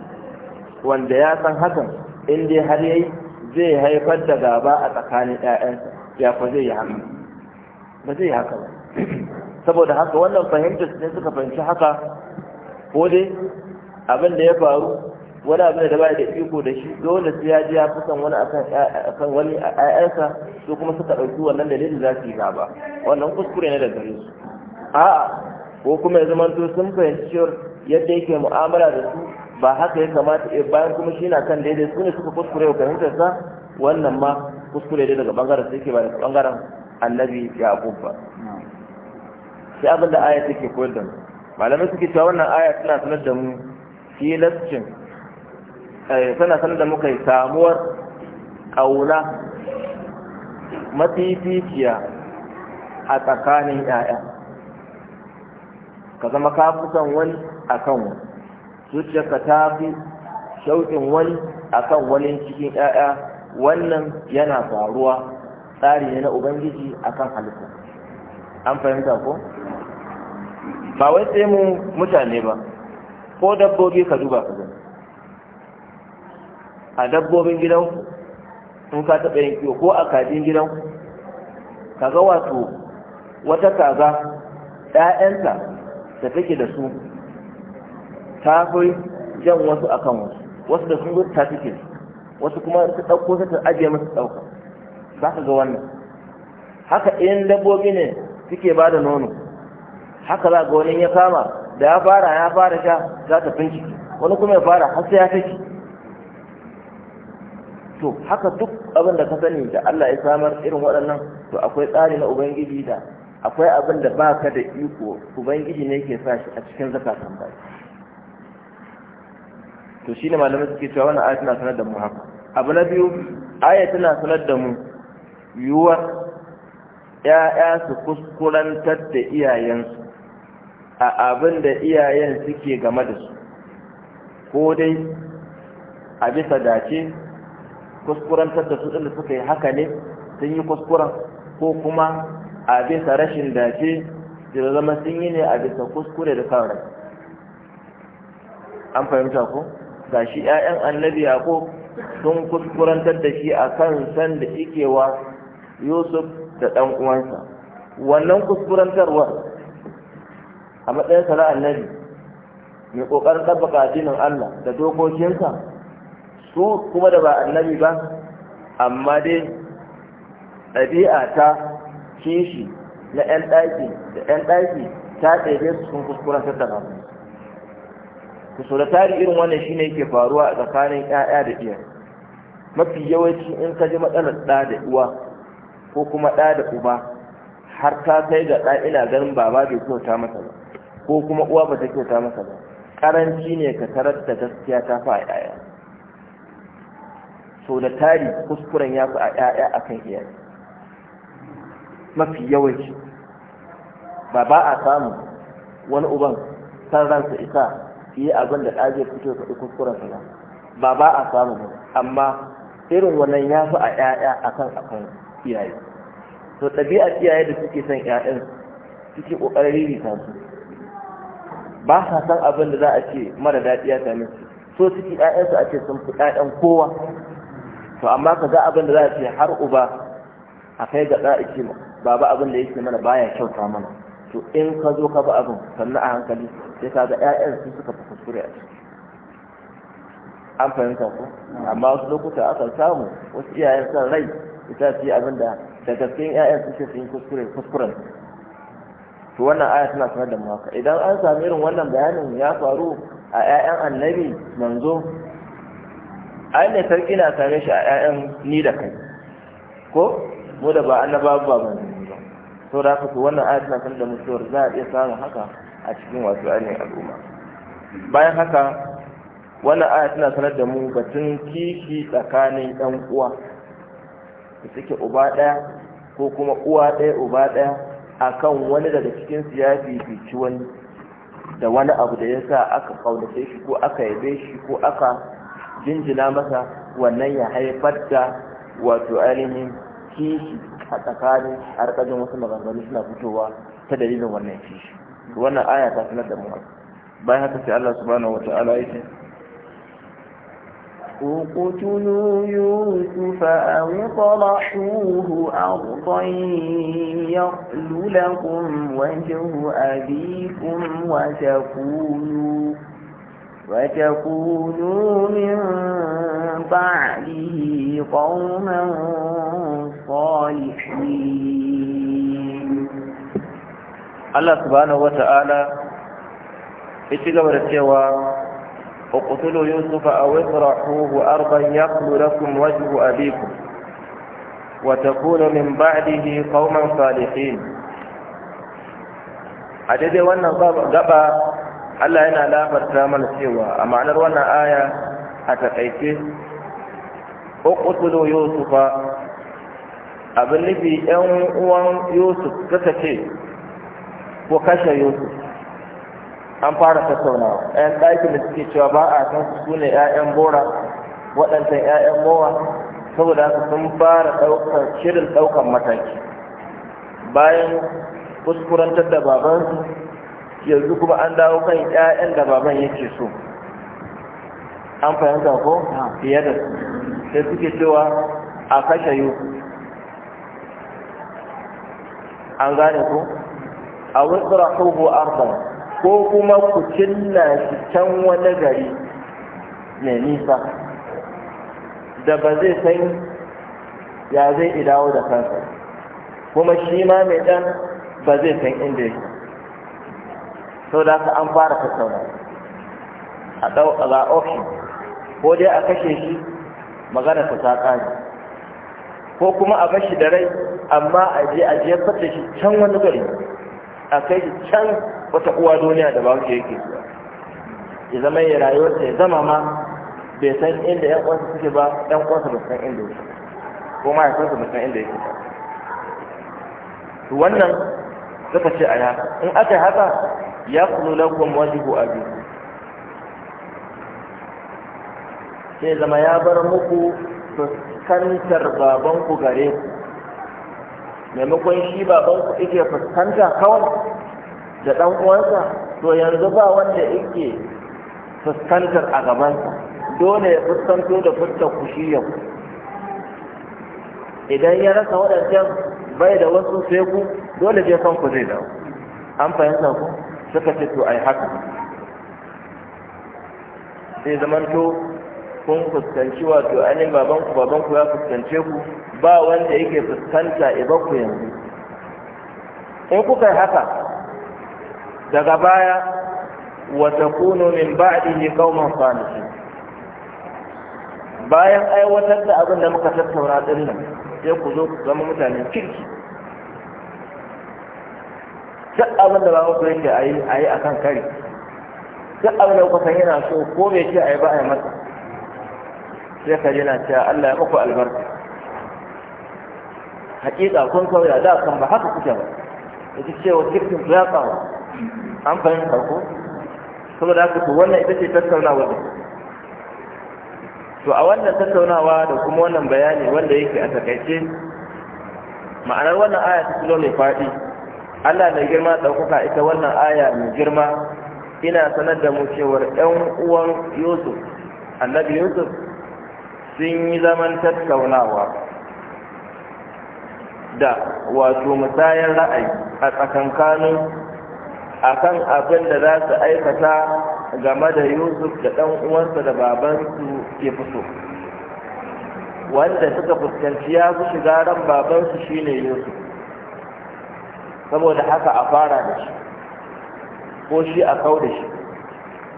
wanda ya san hakan in dai har yayi zai haifar da gaba a tsakanin ‘ya'yansa ya fa zai yi haka ba zai yi haka ba *clears throat* saboda haka wannan fahimtar ne suka fahimci haka ko dai abin da ya faru wani abin da ba da iko da shi dole sai ya ji ya fi son wani akan wani ayyansa ƴaƴansa su kuma suka ɗauki wannan dalilin za su yi gaba wannan kuskure ne da gare su a'a ko kuma ya zama to sun fahimci cewar yadda yake mu'amala da su ba haka ya kamata ya eh, bayan kuma shi na kan daidai su ne suka kuskure wa fahimtar sa wannan ma kuskure dai daga bangaren su yake ba daga bangaren annabi ya ba sai abin da aya take koyar da mu malamai suke cewa wannan aya tana sanar da mu filascin Eh, sana sanar da muka yi samuwar ƙauna mafificiya a tsakanin 'ya'ya ka zama kafusan wani a kan wani zuciyarka ta fi shauƙin wani a kan wani cikin 'ya'ya wannan yana faruwa tsari ne na ubangiji a kan halitta an fahimta ko ba wai sai mu mutane ba ko dabbobi ka duba ka gani a dabbobin gidanku in ka taɓa yin kiwo ko a kajin gidanku ga wato wata kaza ɗayanta da take da su ta fi jan wasu akan wasu wasu da sun zo ta take wasu kuma ta ɗauko ta ajiye masu ɗauka za ka ga wannan haka in dabbobi ne suke ba da nono haka za ga wani ya kama da ya fara ya fara sha za ta finciki wani kuma ya fara har sai ya take to haka duk abin da ka sani da Allah ya samar irin waɗannan to akwai tsari na ubangiji da akwai abin da ba ka da iko ubangiji ne ke sa shi a cikin zakatan ba. to shi ne malamai suke cewa wannan ayatu na sanar da mu haka abu na biyu ayatu na sanar da mu yiwuwar ‘ya'ya su kuskurantar da iyayensu a abin da iyayen suke game da su ko dai a bisa dace kuskurantar da su ɗin da suka yi haka ne sun yi kuskuren ko kuma a bisa rashin dace da zama sun yi ne a bisa kuskure da kawai an fahimta ko ga shi 'ya'yan annabi yaƙo sun kuskurantar da shi a kan san da ikewa yusuf da ɗan uwansa wannan kuskurantarwa a matsayinsa na annabi mai ƙoƙarin ɗabbaka addinin allah da dokokinsa su kuma da ba annabi ba amma dai ɗabi'a ta kishi na 'yan ɗaki da 'yan ɗaki ta ɗaiɗe su sun kuskuren tattara kusura tari irin wannan shine yake faruwa a tsakanin 'ya'ya da iya mafi yawanci in ka ji matsalar ɗa da uwa ko kuma ɗa da uba har ta kai ga ɗa ina ganin baba bai kyauta masa ba ko kuma uwa ba ta kyauta masa ba ƙaranci ne ka tarar da gaskiya ta fa a 'ya'ya so da tari kuskuren ya fi a ƴaƴa akan iya. mafi yawanci ba ba a samu wani uban san ransa isa yi abin da ɗajiyar zai fito faɗi kuskuren sa ba ba a samu ba amma irin wannan ya fi a ƴaƴa akan akan iyaye to ɗabi'ar iyaye da suke son ƴaƴan suke ƙoƙarin rita su ba sa san abin da za a ce mara daɗi ya same su so suke ƴaƴansu a ce sun fi ƴaƴan kowa to amma ka ga abin da za a ce har uba a kai ga ɗa'a ce baba abin da yake mana baya kyauta mana to in ka zo ka ba abin sannan a hankali sai ka ga ƴaƴan su suka fi kuskure a ciki an fahimta ko amma wasu lokuta akan samu wasu iyayen san rai ita ce abin da da gaskiyan ƴaƴan su ce sun kuskure kuskuren to wannan aya tana sanar da mu haka idan an sami irin wannan bayanin ya faru a ƴaƴan annabi manzo ai sarki na same shi a ƴaƴan ni da kai ko mu da ba annaba ba ba to da haka wannan ayat na san da mutuwar za a iya samun haka a cikin wasu ainihin al'umma bayan haka wannan ayat tana sanar da mu batun kishi tsakanin ɗan uwa da suke uba ɗaya ko kuma uwa ɗaya uba ɗaya akan wani daga cikin su ya fifici wani da wani abu da ya sa aka kaunace shi ko aka yabe shi ko aka jinjina masa wannan ya haifar da wato ainihin kishi a tsakanin harkajin wasu maganganu suna fitowa ta dalilin wannan kishi wannan aya ta sanar da muwa bayan haka sai Allah subhanahu wata'ala ya ce اقتلوا يوسف أو اطرحوه أرضا يخل لكم وجه أبيكم وتكونوا وتكونوا من بعده قوما صالحين الله سبحانه وتعالى اتقبل السوى اقتلوا يوسف أو اطرحوه أرضا يقل لكم وجه أبيكم وتكونوا من بعده قوما صالحين عدد وانا قبأ Allah yana labarta mana cewa a ma'anar wannan aya a taƙaice uqtulu yusufa abin nufi ƴan uwan yusuf suka ce ko kashe yusuf an fara tattaunawa ƴan ɗaki da suke cewa ba a san su ne ƴaƴan bora waɗancan ƴaƴan mowa saboda haka sun fara ɗaukar shirin ɗaukar mataki bayan kuskurantar da babansu yanzu kuma an dawo kan ƴaƴan da baban yake so an fahimta ko fiye da su sai suke cewa a kashe yu an gane ko a wutsura hugu arba ko kuma ku cilla shi can wani gari mai nisa da ba zai san ya zai idawo da kansa kuma shi ma mai ɗan ba zai san inda yake sau da an fara tattauna a ɗau a ga ofi ko dai a kashe shi magana ta saƙa ne ko kuma a bashi da rai amma a je a je fata shi can wani gari a kai shi can wata uwa duniya da ba wuce yake ya zama ya ta ya zama ma bai san inda yan uwansa suke ba yan uwansa ba san inda yake ko ma ya san su ba san inda yake ba wannan suka ce a yaka in aka yi haka yaqulu lakum wajibu abikum sai zama ya bar muku fuskantar babanku gare ku maimakon shi babanku yake fuskanta kawai da ɗan uwansa to yanzu ba wanda yake fuskantar a gabansa dole ya fuskanto da fuskar ku shi yau idan ya rasa waɗancan bai da wasu sai ku dole je ku zai dawo an fahimta ku suka ce to ai haka sai zaman to kun fuskanci wato ainihin babanku babanku ya fuskance ku ba wanda yake fuskanta ku yanzu in kuka yi haka daga baya wata kuno min ne qauman fanishi bayan aiwatar da abin da muka tattauna din nan sai ku zo ku zama mutane kirki duk abin da baban ku yake ayi ayi akan kari duk abin da kuka san yana so ko bai ce ayi ba ayi masa sai ka jina cewa Allah ya muku albarka hakika kun sauya da kan ba haka kuke ba ce cewa kirkin ya tsawa an fahimta ko saboda haka to wannan ita ce tattaunawa ne to a wannan tattaunawa da kuma wannan bayani wanda yake a takaice ma'anar wannan aya ta kilo mai faɗi Allah mai girma ɗaukaka ita wannan aya mai girma ina sanar da mu cewar ɗan uwan Yusuf annabi Yusuf sun yi zaman tattaunawa da wato musayar ra'ayi a a kan abin da za su aikata game da Yusuf da ɗan uwansa da babansu ke fito wanda suka fuskanci ya fi shiga ran babansu shine Yusuf saboda haka a fara da shi ko shi a kau da shi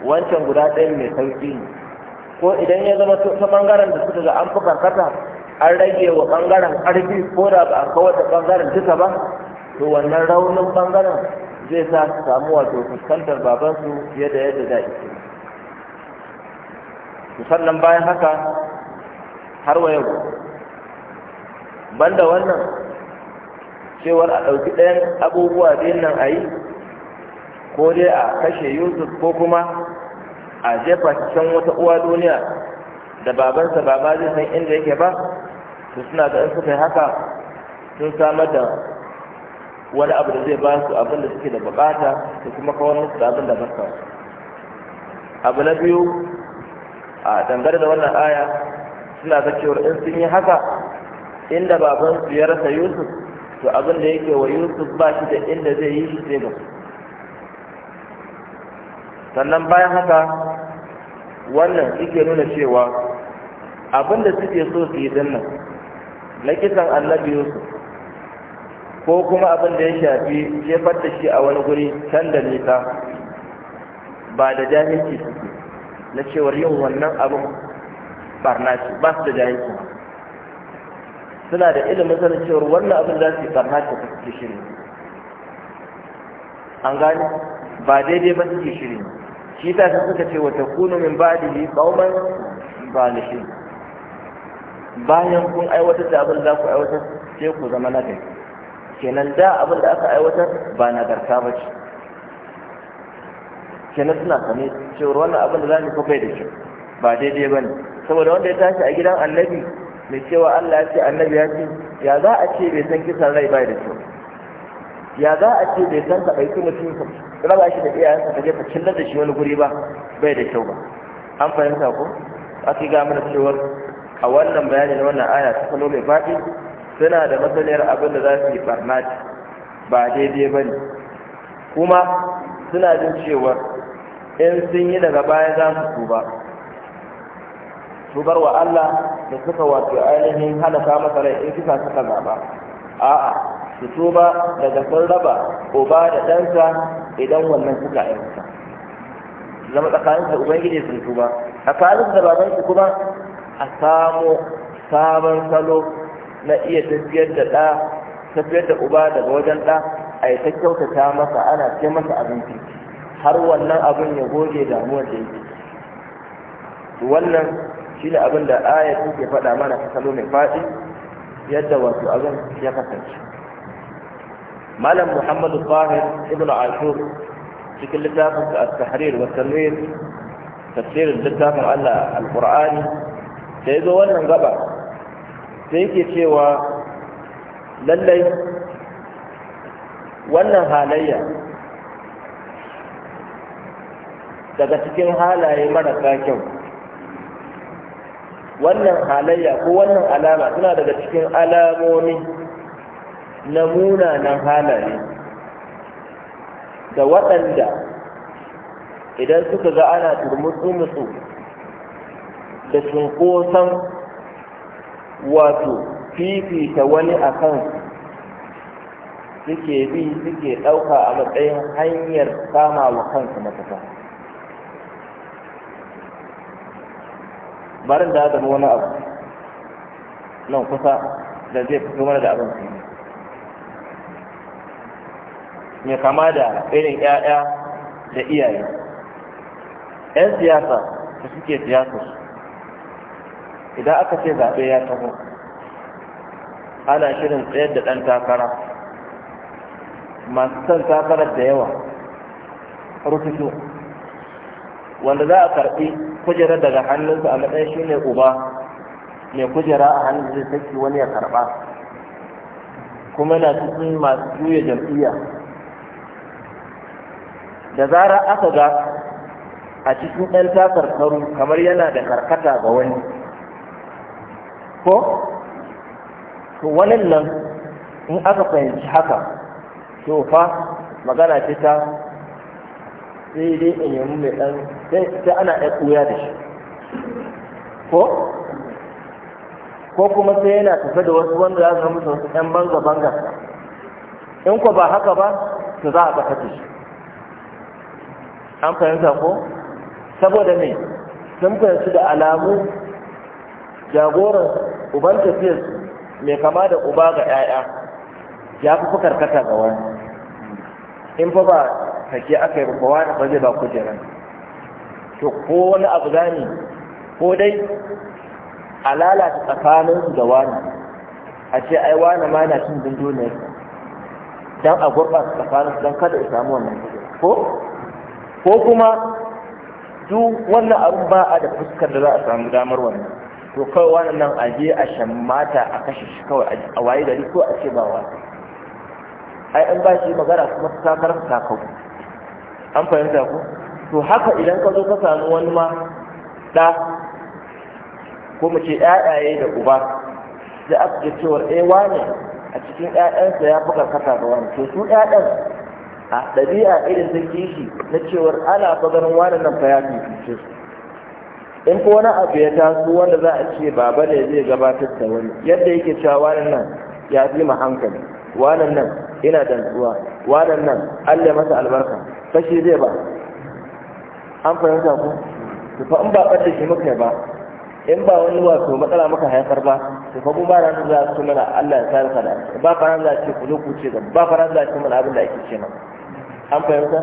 wancan guda ɗaya mai sauƙi ne ko idan ya zama ta ɓangaren da suka ga an fi karkata an rage wa ɓangaren ƙarfi ko da ba a kawar da ɓangaren duka ba to wannan raunin ɓangaren zai sa su samu wato fuskantar babansu fiye da yadda za ike sannan bayan haka har wa yau banda wannan cewar a ɗauki ɗayan abubuwa biyun nan a yi ko dai a kashe yusuf ko kuma a jefa can wata uwa duniya da babansa ba ma zai san inda yake ba su suna da suka yi haka sun samar da wani abu da zai ba su abin da suke da bukata da kuma kawar musu da abin da ba abu na biyu a dangane da wannan aya suna ga cewar in sun yi haka inda babansu ya rasa yusuf to abin da yake wa yusuf ba shi da inda zai yi shi sai ga sannan bayan haka wannan suke nuna cewa abin da suke so su yi dinnan na kisan annabi yusuf ko kuma abin da ya shafi jefar da shi a wani guri can da nisa ba da jahilci suke na cewar yin wannan abin barna ba su da jahilci suna da ilimin sanin cewar wannan abin za su yi barna ta suke shiri an gane ba daidai ba suke shiri shi ta sun suka ce wata kunu min ba'dihi qauman salihin bayan kun aiwatar da abin da ku aiwatar sai ku zama na gari kenan da abin da aka aiwatar ba na garta ba ce kenan suna sane cewar wannan abin da za mu bai da shi ba daidai ba ne saboda wanda ya tashi a gidan annabi mai cewa Allah ya ce annabi ya ce ya za a ce bai san kisan rai bai da kyau ya za a ce bai san ka ɗauki mutum ka raba shi da iyayensa ka je ka cillar da shi wani guri ba bai da kyau ba an fahimta ko aka ga mana cewa a wannan bayani na wannan aya ta salo mai faɗi suna da masaniyar abin da za su yi barna ba daidai ba ne kuma suna jin cewa in sun yi daga baya za su tuba tubar wa Allah da suka wato ainihin halaka masa rai in kisa suka zaba a'a su tuba daga sun raba uba da ɗansa idan wannan suka aikata zama tsakanin da ubangiji sun tuba tsakanin da baban su kuma a samo sabon salo na iya tafiyar da ɗa tafiyar da uba daga wajen ɗa a yi ta kyautata masa ana ce masa abinci har wannan abin ya goge damuwar da yake wannan shi ne abin da ayat take faɗa mana ta salo mai faɗi yadda wasu abin ya kasance malam muhammadu fahim ibn ashur cikin littafin al-tahrir wa tanwir tafsirin littafin Allah al-Qur'ani da ya zo wannan gaba sai yake cewa lallai wannan halayya daga cikin halaye marasa kyau wannan halayya ko wannan alama suna daga cikin alamomi na munanan halaye da waɗanda idan suka ga ana turmutsu-mutsu da cunkoson wato fifita wani a kan suke bi suke ɗauka a matsayin hanyar kama wa kansu matasa. barin da zama wani abu nan kusa da zai fito mana da abin mai kama da irin 'ya'ya da iyaye 'yan siyasa da suke siyasa idan aka ce zaɓe ya taho ana shirin tsayar da ɗan takara masu son takarar da yawa rufito wanda za a karɓi kujera daga hannunsa a matsayin shi ne uba mai kujera a hannun zai saki wani ya karɓa kuma na cikin masu juya jam'iyya da zarar aka ga a cikin ɗan takarkaru kamar yana da karkata ga wani ko to wani nan in aka fahimci haka to fa magana ce ta sai dai in yi mai ɗan sai ana ɗan ɓuya da shi ko ko kuma sai yana tafe da wasu wanda ya su musu wasu ɗan banga banga in ko ba haka ba to za a ɓata da shi an fahimta ko saboda me sun fahimci da alamu jagoran uban tafiyar mai kama da uba ga 'ya'ya ya fi kata ga wani in fa ba sake aka yi ba wani ba zai ba kujeran to ko wani abu zani ko dai a lalata tsakanin da wani a ce ai wani ma na cin dindo ne don a ta tsakanin don kada ya samu wannan ko ko kuma duk wannan abu ba a da fuskar da za a samu damar wannan to kawai wannan nan a je a shammata a kashe shi kawai a waye gari ko a ce ba wani ai in ba shi magana kuma ta sakar sakau an fahimta ku to haka idan ka zo ka samu wani ma ɗa ko mu ce ƴaƴaye da uba da aka ga cewar eh wane a cikin ƴaƴansa ya buga kasa ga wani to su ƴaƴan a ɗabi'a irin ta kishi na cewar ana bazarin ganin wani nan fa ya fifice su in ko wani abu ya taso wanda za a ce baba ne zai gabatar da wani yadda yake cewa wani nan ya fi mu hankali wani nan ina dantsuwa wadan nan Allah masa albarka kashi zai ba an fahimta ku to fa in ba kada shi muka ba in ba wani wato matsala muka haifar ba to fa kuma ran za su mana Allah ya sarka da ba faran da ce ku zo ku ce da ba faran da ce mana abin da ake ce mana an fahimta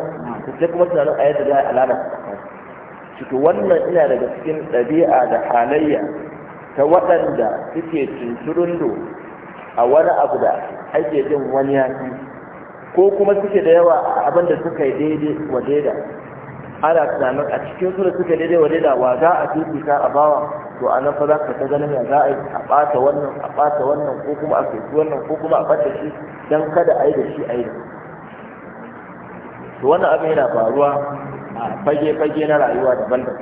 to sai kuma tunanin ayat da zai alama shi to wannan ina daga cikin ɗabi'a da halayya ta waɗanda suke tunturundo a wani abu da ake jin wani yaki ko kuma suke da yawa abin da suka yi daidai wa daida ana tunanin a cikin su da suka daidai wa daida wa za a fifita a bawa to a nan fa za ka ta ganin ya za a yi a ɓata wannan a ɓata wannan ko kuma a soki wannan ko kuma a ɓata shi don kada a yi da shi a yi to wannan abin yana faruwa a fage-fage na rayuwa daban-daban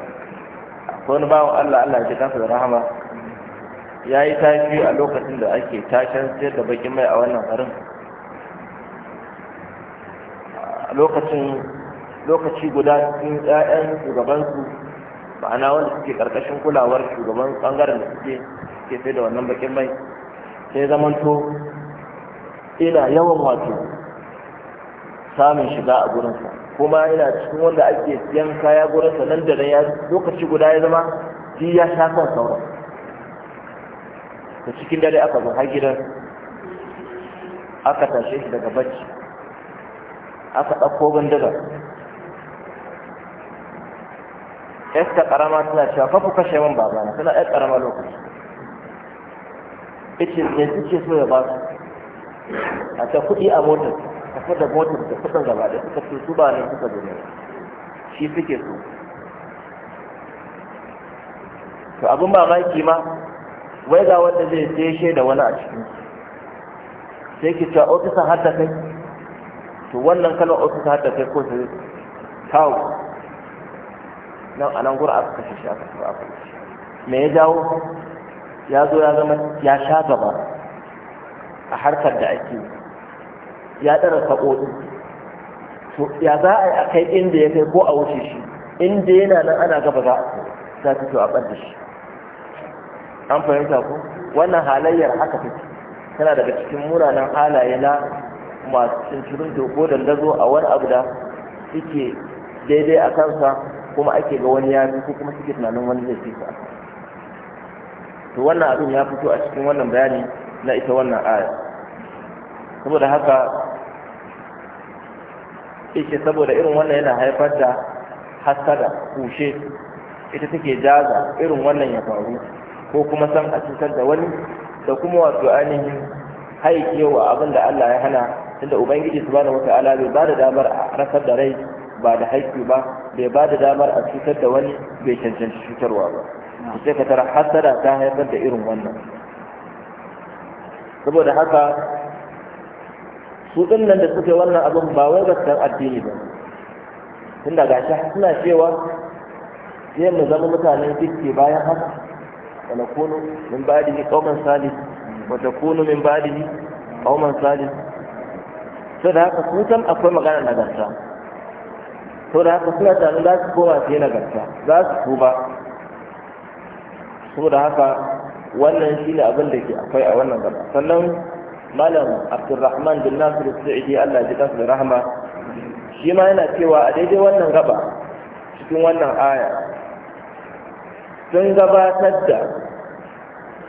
akwai wani bawan Allah Allah ya ji kansa da rahama ya yi tashi a lokacin da ake tashin sayar da bakin mai a wannan garin lokacin lokaci guda cikin 'ya'yan shugabansu ma'ana wanda suke ƙarƙashin kulawar shugaban bangaren da suke ke sai da wannan bakin mai sai zamanto ina yawan wato samun shiga a gurinsa kuma ina cikin wanda ake siyan kaya gurinsa nan da nan ya lokaci guda ya zama shi ya sha kan sauran da cikin dare aka zo har gidan aka tashe shi daga bacci aka ɗauko bindiga yasta ƙarama tana cewa fa ku kashe min babana tana yar ƙarama lokaci ita ne suke so ya ba su a ta kuɗi a motar ta da motar da fada gaba da suka ce su ba ne suka zama shi suke so to abin ba ma wai ga wanda zai je da wani a cikin sai ki ta ofisan har da kai to wannan kalmar ofisan har da kai ko su kawo nan a nan gura aka kashe shi aka kashe aka me ya jawo ya zo ya zama ya sha gaba a harkar da ake ya ɗara saɓoɗi to ya za a yi a kai inda ya kai ko a wuce shi inda yana nan ana gaba za a za ta to a ɓar da shi an fahimta ku wannan halayyar haka take tana daga cikin muranan halaye na masu cincirin ko dandazo a wani abu da suke daidai a kansa kuma ake ga wani yami ko kuma suke tunanin wani zai fi to wannan abin ya fito a cikin wannan bayani na ita wannan aya saboda haka yake saboda irin wannan yana haifar da hasada kushe ita take jaza irin wannan ya faru ko kuma san a cutar da wani da kuma wato ainihin haikewa abin da Allah ya hana tunda ubangiji su bada subhanahu wata'ala bai ba da damar a rasar da rai ba da haiki ba bai ba da damar a cutar da wani bai cancanci cutarwa ba sai ka tara hasara ta haifar da irin wannan saboda haka su ɗin nan da suke wannan abin ba wai ba san addini ba tunda gashi suna cewa sai mu zama mutanen kirki bayan haka ونكون من بعده قوما صالح وتكون من بعده قوما صالح فذا haka sun مغانا akwai magana nagarta saboda haka suna في za su koma فذا nagarta za su haka wannan shi ne abin da ke akwai a wannan gaba sannan malam abdulrahman bin nasir sa'idi allah ji kansa da rahama shi ma yana cewa a daidai wannan gaba cikin wannan aya sun gabatar da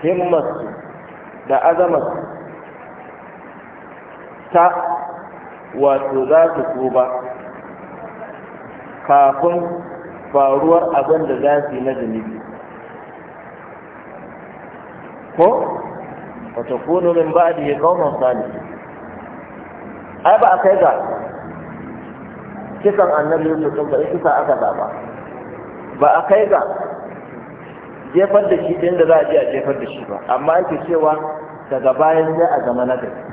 himmarsu da azamarsu ta wato za su tuba kafin faruwar abin da za su yi na zunubi ko wata kunu min ba da ya kawo sani ai ba a kai ga kisan annabi yusuf ba kisa aka zaba ba a kai ga jefar da shi ɗin da za a je a jefar da shi ba amma yake cewa daga bayan sai a zama nagari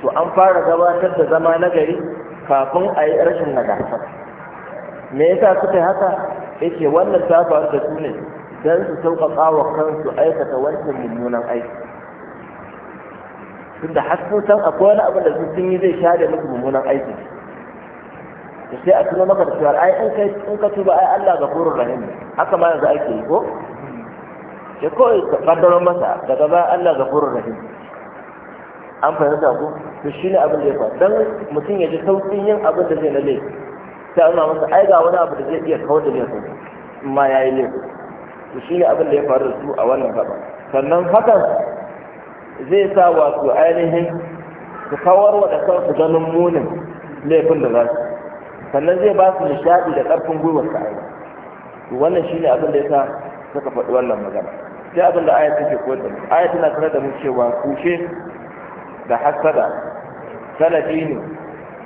to an fara gabatar da zama nagari kafin a yi rashin nagarta me yasa suka yi haka yake wannan ta faru da su ne don su sauƙaƙa wa kansu aikata wancan mummunan aiki tunda har sun san akwai wani abin da sun yi zai share musu mummunan aiki sai a tuna maka da cewa ai in kai in ka tuba ai Allah gafurur rahim haka ma yanzu ake yi ko ya kawai kaddaro masa daga ba Allah gafurur rahim an fahimta ko to shine abin da ya faru dan mutum ya ji sautin yin abin da zai na laifi sai Allah masa ai ga wani abu da zai iya kawar da laifin ma yayi laifi to shine abin da ya faru da su a wannan gaba sannan hakan zai sa wato ainihin su kawar wa da kansu ganin munin laifin da za su sannan zai ba su nishaɗi da ƙarfin gwiwar ka aiki to wannan shine abin da yasa suka faɗi wannan magana sai abin da ayat ke koyar da mu ayat na sanar da mu cewa kushe da hasada sanadi ne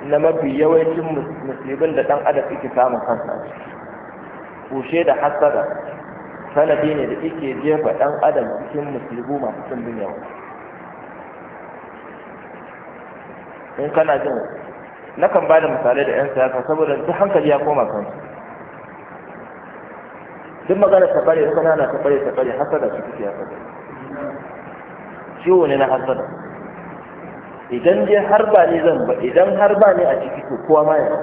na mafi yawancin musibin da ɗan adam yake samun kansa kushe da hasada sanadi ne da yake jefa ɗan adam cikin musibu masu cin duniya in kana jin kan ba da misalai da 'yan siyasa saboda duk hankali ya koma kansu duk magana ta bare suka nana ta bare ta bare hasada su kuke hasada ciwo ne na hasada idan dai har ba ne zan ba idan har ba ne a ciki to kowa ma yana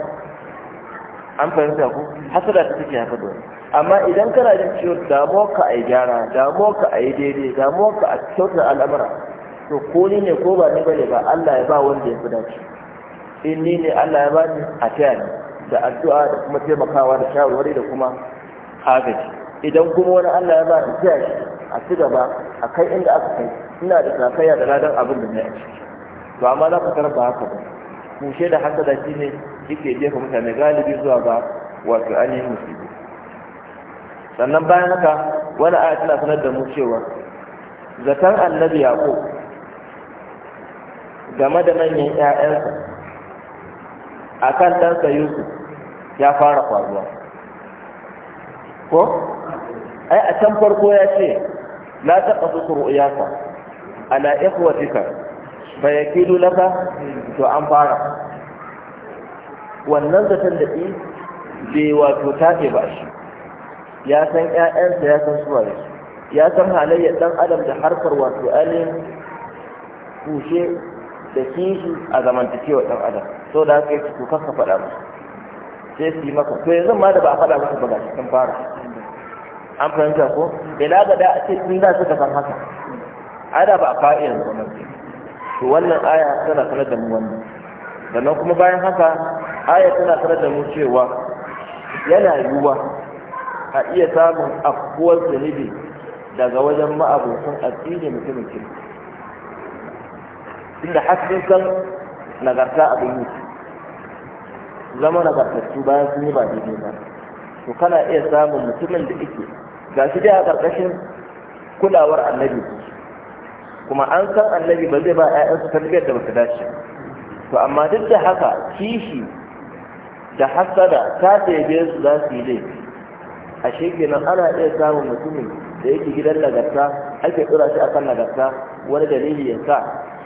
an fahimta ku hasada ta take hasada amma idan kana jin ciwo damuwa ka a yi gyara damuwa ka a yi daidai damuwa ka a kyautar al'amura to ko ni ne ko ba ni ne, ba Allah ya ba wanda ya fi dace inni ne Allah ya bani a taya ni da addu'a da kuma taimakawa da shawarwari da kuma agaji idan kuma wani Allah ya bani taya shi a ci gaba a kai inda aka kai ina da sakayya da ladan abin da na to amma za ka tarar ba haka ba kushe da hasada shi ne yake jefa mutane galibi zuwa ga wato ainihin musulmi sannan bayan haka wani aya tana sanar da mu cewa zaton annabi yaƙo game da manyan 'ya'yansa a kan ɗansa yusuf ya fara faruwa ko ai a can farko ya ce la taɓa su ru'uyaka ala ikwatika fa yakidu laka to an fara wannan zaton da ɗi bai wato tafe ba shi ya san ƴaƴansa ya san suwa ya san halayyar ɗan adam da harkar wato ainihin kushe da kishi a zamantakewa ɗan adam so da haka yake to ka faɗa musu sai su yi maka to yanzu ma da ba a faɗa musu ba ga cikin fara an fahimta ko ila ga da a ce tun da suka san haka ada ba a fa'i yanzu ba to wannan aya tana sanar da mu wannan sannan kuma bayan haka aya tana sanar da mu cewa yana yiwuwa a iya samun afkuwar zunubi daga wajen ma'abokan addini mutumin kirki tunda hakkin kan nagarta abin yi zama nagartattu bayan sun yi ba daidai ba to kana iya samun mutumin da ike ga shi dai a ƙarƙashin kulawar annabi kuma an san annabi ba zai ba ‘ya'yansu tarbiyyar da ba su dace to amma duk da haka kishi da hasada ta tebe su za su yi laifi a shekinan ana iya samun mutumin da yake gidan nagarta ake tsura shi akan nagarta wani dalili ya sa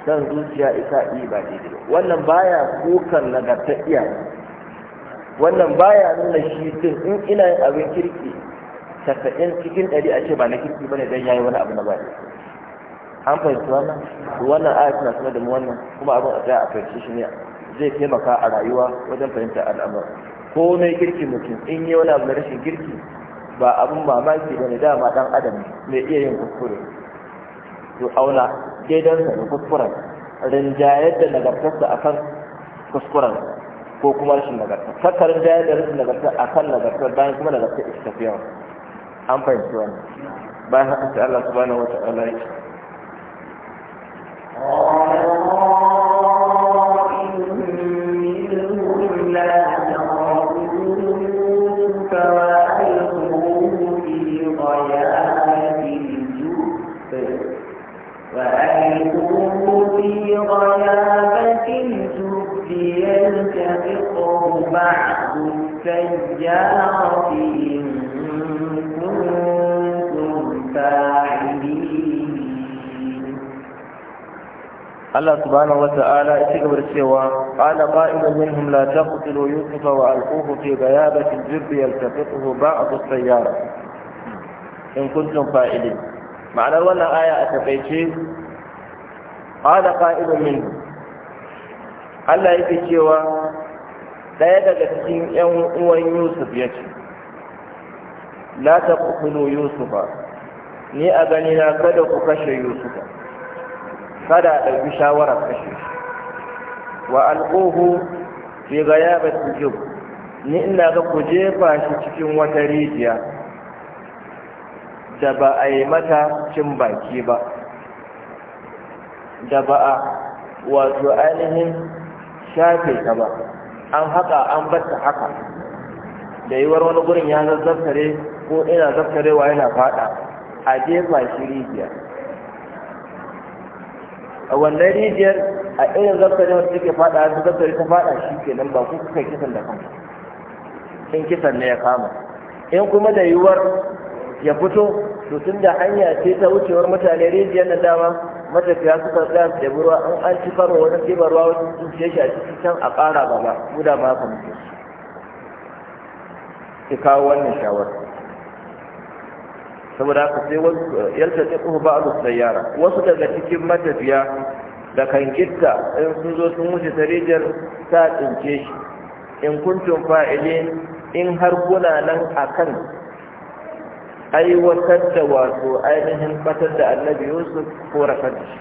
kan zuciya isa yi ba daidai ba wannan baya kokan nagarta iyaye wannan baya nuna shi din in ina yin abin kirki tasa'in cikin ɗari a ce ba na kirki ba ne don yayi wani abu na baya an fahimci wannan wannan aya tana sanar da mu wannan kuma abin a tsaya a fahimci shi ne zai taimaka a rayuwa wajen fahimtar al'amur ko mai kirki mutum in yi wani abu na rashin kirki ba abin mamaki ba ne dama dan adam mai iya yin kuskure to auna daidansa da kuskuren rinjayar da nagartarsa akan kuskuren ko kuma rashin nagarta saka rinjayar da rashin nagarta akan nagartar bayan kuma nagartar ita tafi yawa an fahimci wannan bayan haka sai Allah subhanahu wa ta'ala ya ce غيابة تبدي التفقه بعض السيارة إن كنتم فاعلين الله سبحانه وتعالى استكبر السوى قال قائل منهم لا تقتلوا يوسف وألقوه في غيابة الجب يلتقطه بعض السيارة إن كنتم فائدين معنى wannan آية a qala qa'ilun minhum Allah yake cewa daya daga cikin 'yan uwan Yusuf yace la taqtulu Yusufa ni a gani na kada ku kashe Yusufa kada a ɗauki shawarar kashe shi wa alquhu fi ghayabati jub ni ina ga ku jefa shi cikin wata rijiya da ba a yi mata cin baki ba da ba a wato ainihin shafe ta ba an haka an batta haka da yiwuwar wani gurin ya zazzare ko ina zaftarewa yana fada a jefa shi rijiya a wannan rijiyar a irin zaftarewar wanda suke fada a zaftare ta fada shi ke nan ba Kuka kai kisan da kanka in kisan ne ya kama in kuma da yiwuwar ya fito to tun da hanya ce ta wucewar mutane rijiyar na dama matafiya suka tsaya su da ruwa an an ci karo wani ɗiba ruwa wani tsince shi a cikin can a ƙara gaba mu da ma ka ki kawo wannan shawara saboda haka sai wasu yalta ta kuma ba alu sayyara wasu daga cikin matafiya da kan kitta in sun zo sun wuce ta rijiyar ta tsince shi in kuntum fa'ilin in har kuna nan akan aiwatar da wato ainihin batar da annabi yusuf ko rafar da shi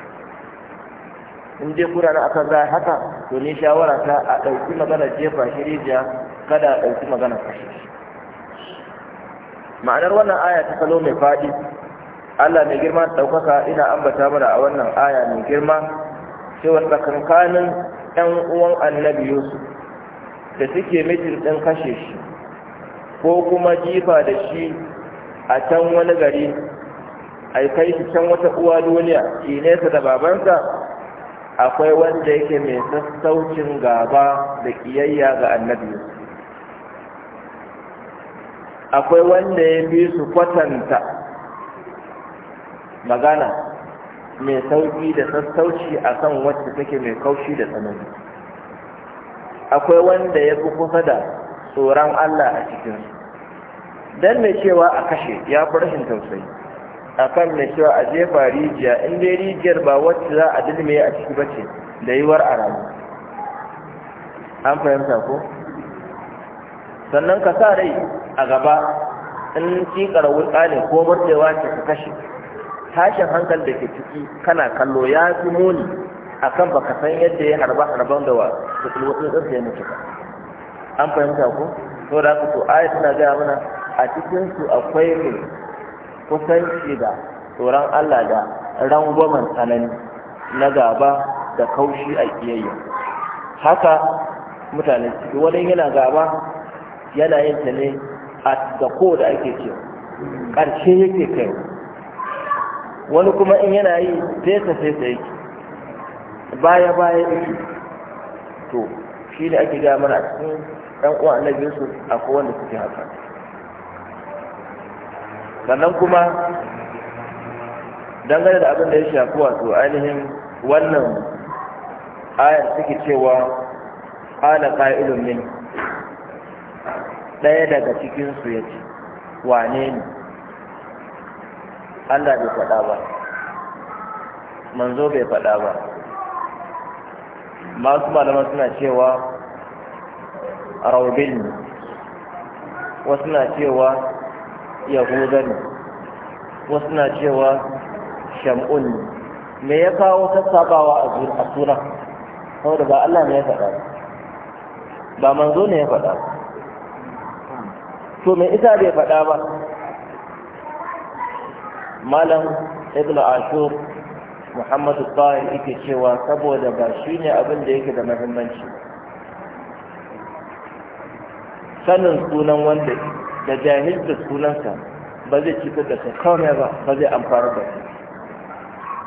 in dai kura na aka za haka to ni shawara ta a ɗauki magana jefa shi rijiya kada a ɗauki magana kashe ma'anar wannan aya ta salo mai faɗi allah mai girma ɗaukaka ina ambata mana a wannan aya mai girma cewar tsakankanin 'yan uwan annabi yusuf da suke mijin ɗin kashe shi ko kuma jifa da shi a can wani gari a kai shi can wata uwa duniya shi nesa da babansa akwai wanda yake mai sassaucin gaba da kiyayya ga annabi akwai wanda ya fi su kwatanta magana mai sauki da sassauci a kan wacce take mai kaushi da tsanani akwai wanda ya fi kusa da tsoron allah a cikinsu dan mai cewa a kashe ya fi rashin tausayi kan mai cewa a jefa rijiya inda rijiyar ba wacce za a dilme a ciki ba ce da yiwuwar a ramu an fahimta ko sannan ka sa rai a gaba in ci wulƙa ne ko murdewa ce ka kashe tashin hankali da ke ciki kana kallo ya fi muni a kan baka san yadda ya harba harban da wa da tsulwatsun tsarsa ya mutu ba an fahimta ko saboda haka to aya na gaya mana a cikinsu akwai mai kusanci da tsoron Allah da rangwamen tsanani na gaba da kaushi a kiyayya haka mutane ciki wani yana gaba yana yin ta ne a da ko da ake ce ƙarshe yake kai wani kuma in yana yi fesa fesa yake baya baya yake to shi ne ake gaya mana a cikin ɗan uwa na yusuf akwai wanda suke haka sannan kuma dangane da abin da ya shafi wato ainihin wannan ayar suke cewa ana ƙa'ilun ne ɗaya daga cikinsu ya ce wane ne Allah bai faɗa ba manzo bai faɗa ba masu malaman suna cewa raubin wasu na cewa yahuda ne wasu na cewa shamun ne me ya kawo sassabawa a sura saboda ba Allah ne ya faɗa ba manzo ne ya faɗa to me isa bai faɗa ba malam ibn ashur muhammadu tsari yake cewa saboda ba shi ne abin da yake da mahimmanci. sanin sunan wanda da jahilta sunanka ba zai cutar da kai kawai ba ba zai amfara da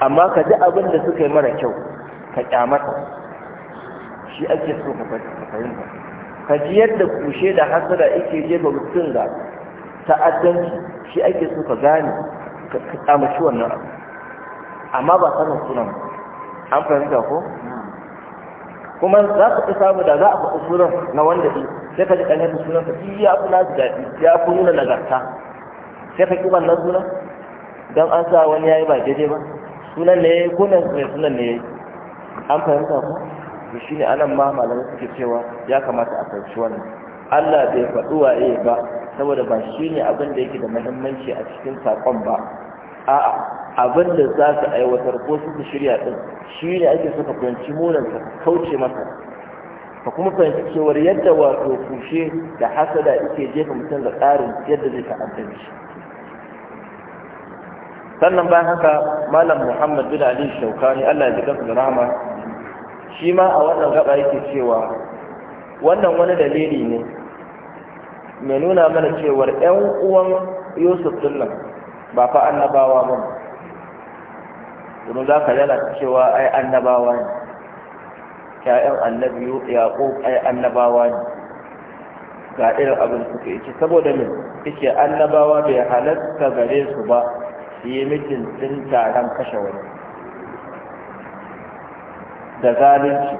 amma ka ji abin da suka yi mara kyau ka kyamata shi ake so ka fahimta ka ji yadda kushe da hasara yake ba mutum ga ta'addanci shi ake so ka gane ka kyamaci wannan abu amma ba sanar sunan an fahimta ko kuma za ka fi samu da za a faɗi sunan na wanda ɗin sai ka ji kanyar sunan ka ya fi su daɗi ya fi nuna nagarta sai ka ƙi wannan sunan don an sa wani ya yi ba daidai ba sunan ne ya yi ko ne sunan ne ya yi an fahimta ko to shi ne anan ma malamai suke cewa ya kamata a fahimci wannan Allah bai faɗi waye ba saboda ba shi ne abin da yake da muhimmanci a cikin saƙon ba a'a abin da za su aiwatar ko su shirya ɗin shi ne ake so ka fahimci munan ka kauce masa ka kuma fahimci cewar yadda wato kushe da hasada yake jefa mutum da tsarin yadda zai ta'addar shi sannan bayan haka malam muhammad bin ali shaukani allah ya jikansa da rahama shi ma a wannan gaba yake cewa wannan wani dalili ne mai nuna mana cewar 'yan uwan yusuf dinnan ba fa annabawa ba domin za ka yana cewa ai annabawa ne ƴaƴan annabi yaqub ai annabawa ne ga irin abin suka yake saboda me yake annabawa bai halatta gare su ba su yi mijin din taron kashe wani da zalunci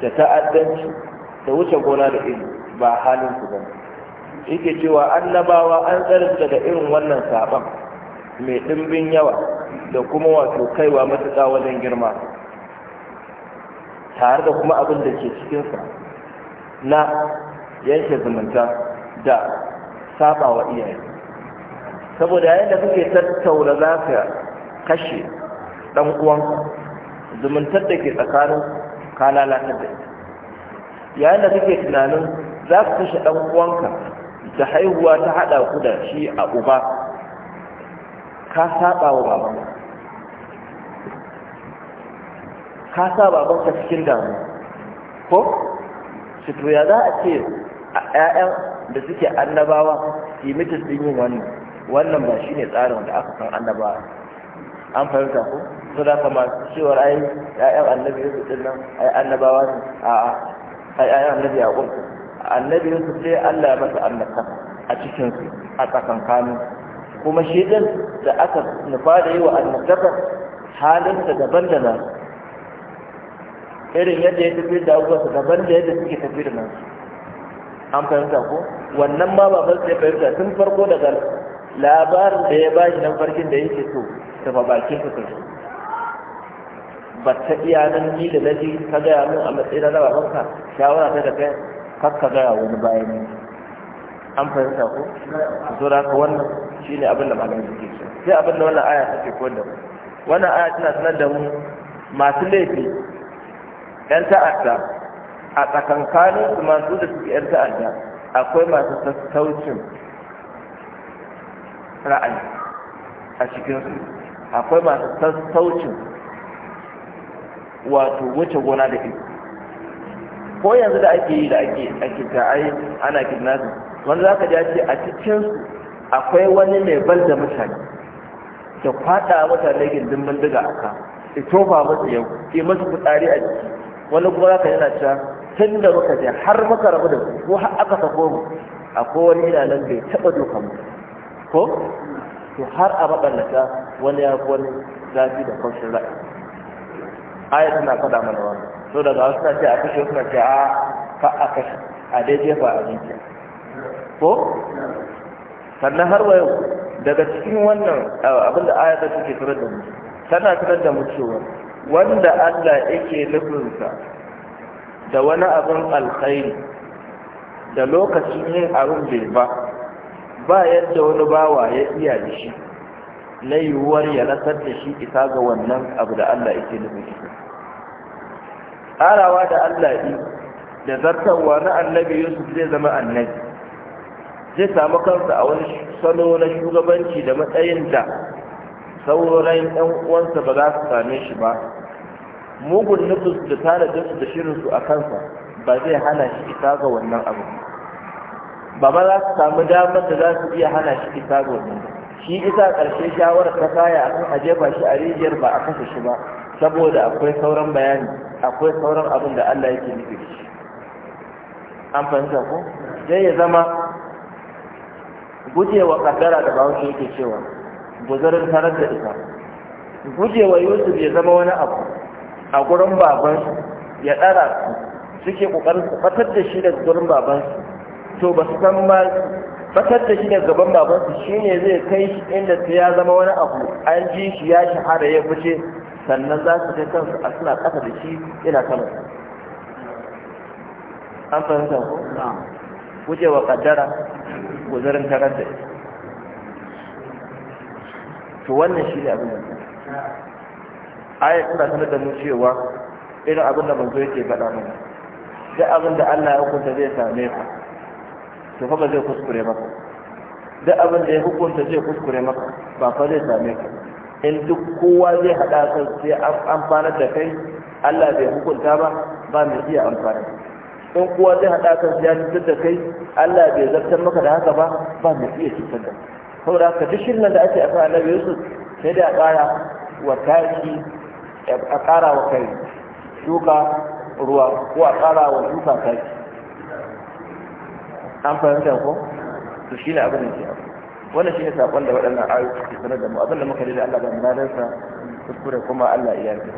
da ta'addanci da wuce gona da iri ba halin su ba yake cewa annabawa an tsarinta da irin wannan saban mai ɗimbin yawa da kuma wato kaiwa matuƙa wajen girma tare da kuma abin da ke cikinsa na yanke zumunta da saba wa iyaye saboda yayin da kake tattauna za ka kashe ɗan zumuntar da ke tsakanin ka lalatar da ita yayin da kake tunanin za ka kashe ɗan uwanka da haihuwa ta haɗa ku da shi a uba ka saba wa babanka ka sa babanka cikin damu ko shi to ya za a ce a ƴaƴan da suke annabawa yi mitin sun yi wannan wannan ba shi ne tsarin da aka san annabawa an fahimta ko so da kama cewar ai ƴaƴan annabi Yusuf din nan ai annabawa ne a a ai ƴaƴan annabi Yaqub annabi Yusuf sai Allah ya masa annabta a cikin su a tsakankanin kuma shi din da aka nufa da yi wa annabta halinsa daban da nasu irin yadda ya tafi da su, daban da yadda suke tafi da nan an fahimta ko wannan ma ba sai fahimta tun farko daga labarin da ya bashi nan farkin da yake so da ba bakin su kai ba ta iya nan ni da naji ka gaya min a matsayin na babanka shawara ta da kai kar ka gaya wani bayan an fahimta ko to da ka wannan shine abin da malamin suke so sai abin da wannan aya take koyar da mu wannan aya tana sanar da mu masu laifi yan ta'adda a tsakankanin su masu da suke yan ta'adda akwai masu sassaucin ra'ayi a cikin su akwai masu sassaucin wato wuce gona da ke ko yanzu da ake yi da ake ake ta ai ana kidnapping wanda ka ja ce a cikin su akwai wani mai bal da mutane da kwada mutane gindin bindiga aka itofa musu yau ke masu fitsari a jiki wani kuma zaka yana cewa tun da muka je har muka rabu da ko har aka sako mu ko wani yana nan bai taɓa dokan mu ko to har a maɓallata wani ya wani zafi da kwanshin ra'ayi aya suna faɗa mana wani so daga wasu na ce a kashe wasu na ce a fa a kashe a dai jefa a jinkiya ko sannan har wa yau daga cikin wannan abinda aya da suke tarar da mu tana tarar da mu cewa wanda Allah yake nufinsa da wani abin alkhairi da lokacin yin abin bai ba ba yadda wani bawa ya iya da shi na yiwuwar ya nasar da shi isa ga wannan abu da Allah yake nufin shi ƙarawa da Allah yi da zartarwa na annabi Yusuf zai zama annabi zai samu kansa a wani salo na shugabanci da matsayin da sauran ɗan uwansa ba za su same shi ba mugun nufus da tare da shirinsu a kansa ba zai hana shi isa ga wannan abu ba ba za su samu damar da za su iya hana shi isa ga wannan shi isa ƙarshe shawarar ta kaya kan aje ba shi a rijiyar ba a kashe shi ba saboda akwai sauran bayani akwai sauran abin da Allah yake nufi da shi an fahimta ko sai ya zama gujewa kaddara da shi yake cewa Guzarin tarar da ita gujewa yusuf ya zama wani abu a gurin baban ya ɗara suke ƙoƙarin su fatar da shi daga gurin baban to ba su san ba fatar da shi daga gaban baban su shine zai kai shi inda ta ya zama wani abu an ji shi ya shahara ya fice sannan za su kai kansu a suna ƙasa da shi yana kama. an fahimta ko gujewa ƙaddara guzurin tarar da ita to wannan shi ne abin da ayat suna sanar da mu cewa irin abin da manzo yake faɗa mana duk abin da Allah ya hukunta zai same ka to fa ba zai kuskure maka duk abin da ya hukunta zai kuskure maka ba fa zai same ka in duk kowa zai haɗa kan sai an amfanar da kai Allah bai hukunta ba ba mai iya amfani in kowa zai haɗa kan sai ya cutar da kai Allah bai zartar maka da haka ba ba mai iya cutar da kai saboda ka duk shirin da ake akan annabi yusuf sai da a ƙara wa tashi a ƙara wa kai shuka ruwa ko a ƙara wa shuka tashi an fahimta ko to shi ne abin da ke abu wannan shi ne saƙon da waɗannan ayoyi ke sanar da mu abin da muka da Allah ba mu nadarsa kuskure kuma Allah iya yi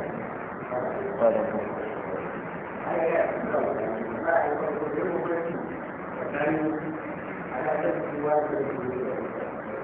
Thank you.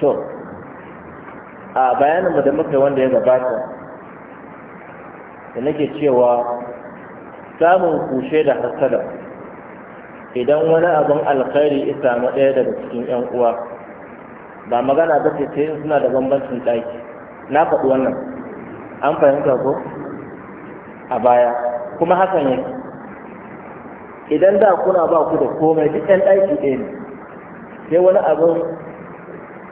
to a bayanin da muka wanda ya gabata da nake cewa samun kushe da hasada idan wani abin alkhairi ya samu ɗaya daga cikin 'yan uwa ba magana ba ce sai suna da bambancin ɗaki na faɗi wannan an fahimta ko a baya kuma hakan yake idan da kuna ba ku da komai duk ɗan ɗaki ɗaya ne sai wani abin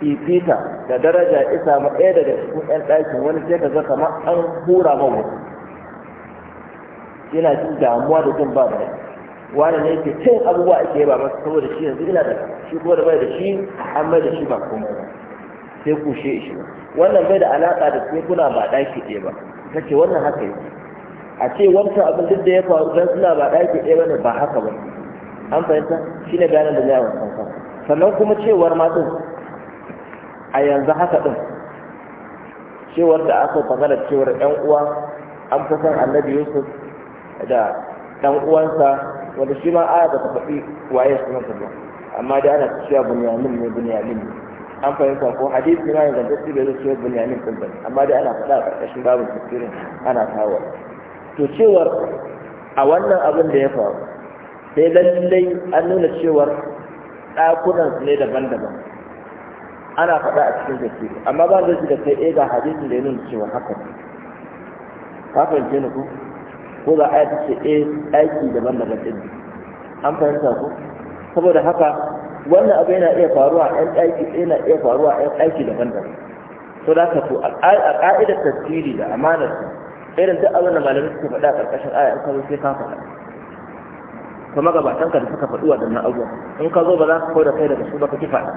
fifita da daraja isa ma ɗaya daga cikin ɗan ɗakin wani sai ka ga kamar an hura ma wasu yana jin damuwa da jin ba da wani ne ke cin abubuwa ake ba masu saboda shi yanzu ina da shi kuma da bai da shi an mai da shi ba kuma sai kushe shi wannan bai da alaƙa da sai kuna ba ɗaki ɗaya ba ce wannan haka yake a ce wancan abin duk da ya faru don suna ba ɗaki ɗaya ba ne ba haka ba an fahimta shi ne bayanan da na yawon kanka sannan kuma cewar matsin a yanzu haka ɗin cewar da aka magana cewar ‘yan uwa an fi san annabi yusuf da ɗan uwansa wanda shi ma aya ba ta faɗi waye nan ba amma dai ana cewa bunyamin ne bunyamin ne an fahimta ko hadisi na yanzu da bai zo cewa bunyamin ɗin ba amma dai ana faɗa a ƙarƙashin babu tafsirin ana kawo to cewar a wannan abin da ya faru sai lallai an nuna cewar ɗakunansu ne daban-daban ana faɗa a cikin tafsiri amma ba zai da kai eh, ga hadisi da ya nuna cewa haka ne ka fahimce ni ko ko za a yi ce eh aiki daban-daban ɗin an fahimta ku saboda haka wannan abu yana iya faruwa a ɗan aiki yana iya faruwa a ɗan aiki daban-daban to da ka to a ka'idar tafsiri da amanar irin duk abin da malamai suke faɗa a ƙarƙashin aya in ka sai ka faɗa ka magabatanka da suka faɗi waɗannan abubuwa in ka zo ba za ka kau da kai daga su ba ka ki faɗa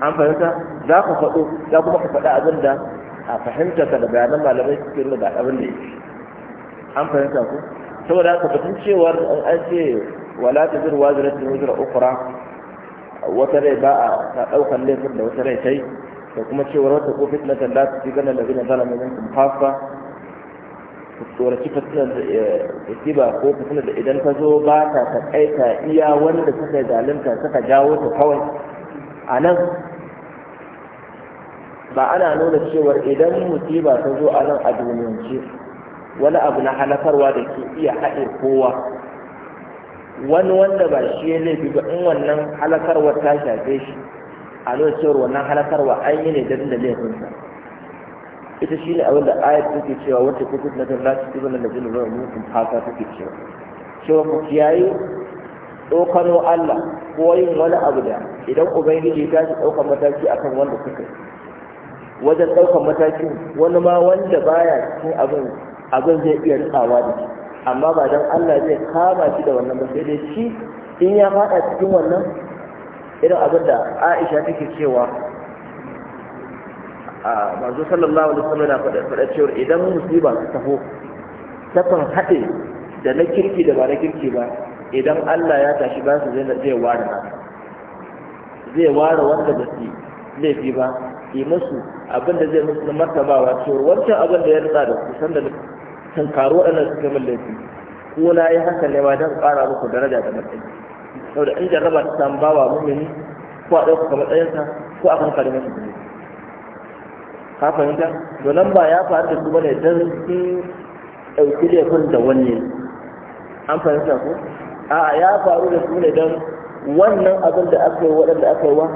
an fahimta za ka faɗo za kuma ka faɗa abin da a fahimta ka da bayanan malamai suke nuna ga abin da ya yake an fahimta ku saboda haka batun cewar an an ce wala ta zira wazira ta zira ukura wata rai ba a ta ɗaukar laifin da wata rai ta yi da kuma cewar wata ko fitnatan la ta fi ganin da zina zalamin yankin fasa tsoraci fasiba eh, ko fasilar da idan ta zo ba ta taƙaita iya wanda suka zalunta suka jawo ta kawai a nan ba ana nuna cewar idan musiba ta zo a nan a duniyance wani abu na halakarwa da ke iya haɗe kowa wani wanda ba shi ya laifi ba in wannan halakarwar ta shafe shi a nuna cewar wannan halakarwa an yi ne don da laifinsa ita shi ne abin da ayat take cewa wata ta na da lati tibin da jinin ruwan mutum fata take cewa cewa ku kiyaye tsokano Allah ko yin wani abu da idan ubangiji ta shi ɗaukar mataki akan wanda suka yi wajen ɗaukar matakin wani ma wanda baya cikin abin abin zai iya rikawa da shi amma ba dan Allah zai kama shi da wannan ba sai dai shi in ya faɗa cikin wannan irin abin da Aisha take cewa a manzo sallallahu alaihi wasallam yana faɗa faɗa cewa idan musiba ta taho ta kan haɗe da na kirki da ba na kirki ba idan Allah ya tashi ba su zai ware na zai ware wanda ba su laifi ba yi musu abin da zai musu martabawa cewa wancan abin da ya rika da su sanda karo waɗannan su kamar laifi ko na yi haka ne ma don ƙara muku daraja da matsayi saboda in jarraba ta samu bawa mumini ko a ɗauka matsayinsa ko a kan kare su ka fahimta to nan ba ya faru da su bane dan sun ɗauki laifin da wani an fahimta ko a ya faru da su ne dan wannan abin da aka yi waɗanda aka yi wa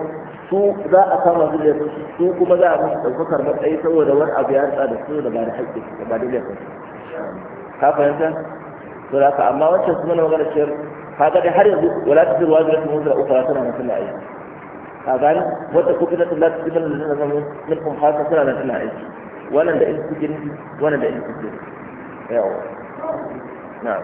su za a kama su da su kuma za a musu ɗaukakar matsayi saboda wani abu ya tsada da su da ba da haƙƙi da ba da laifin ka fahimta to da ka amma wancan su mana magana ka ga dai har yanzu wala ta zirwa da rashin mutu da ukura tana mutum na aiki أبان وتكون فتنة لا تجمل منكم خاصة ولا لا تلاعز ولا لا إنس جن ولا لا إنس جن يعو نعم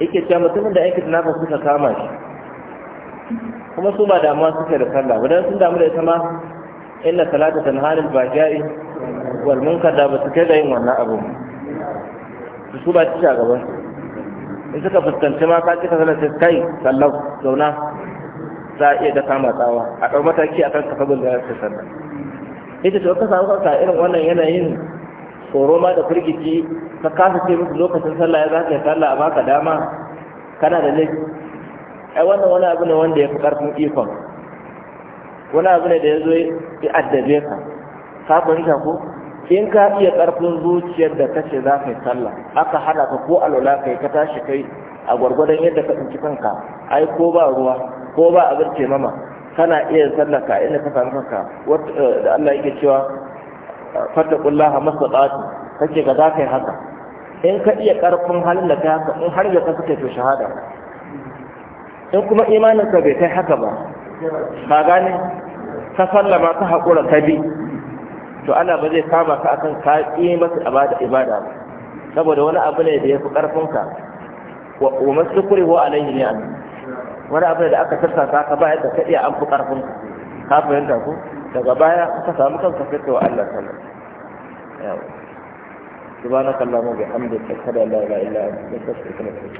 yake cewa mutumin da yake tunafa suka kama shi kuma su ba damuwa suke da sallah ba dan sun damu da ita ma inna salata tanhalil baja'i wal munkar da ba su kai da yin wannan abu su su ba ci a gaban in suka fuskanci ma ka kika sallah sai kai sallau zauna za a iya da kama tsawa a ɗau mataki akan kafabin da ya sallah ita ce ka samu kanka irin wannan yanayin tsoro ma da firgici ka kasa ce musu lokacin sallah ya za ka yi sallah a baka dama kana da laifi ai wannan wani abu ne wanda ya fi ƙarfin ikon wani abu ne da ya zo ya addabe ka ka fahimta ko in ka iya ƙarfin zuciyar da kace za ka yi sallah aka hada ka ko alwala kai ka tashi kai a gwargwadon yadda ka tsinci kanka ai ko ba ruwa ko ba abin ce mama kana iya sallah ka inda ka samu kanka eh, da Allah yake cewa fattakullaha masaqatu kace ka za ka yi haka in ka iya ƙarfin halin da ka in har ga ka suka to shahada in kuma imaninka bai kai haka ba ka gane ta sallama ka haƙura ka bi to ana ba zai kama ka akan ka ƙi masa ibada ba saboda wani abu ne da ya fi ƙarfinka wa masu kuri wa yi ne an wani abu da aka tattasa ka ba yadda ka iya an fi ƙarfinka ka fahimta ku daga baya ka samu kanka fito wa Allah sallallahu alaihi wasallam subhanakallahumma bihamdika ashhadu an la ilaha illa anta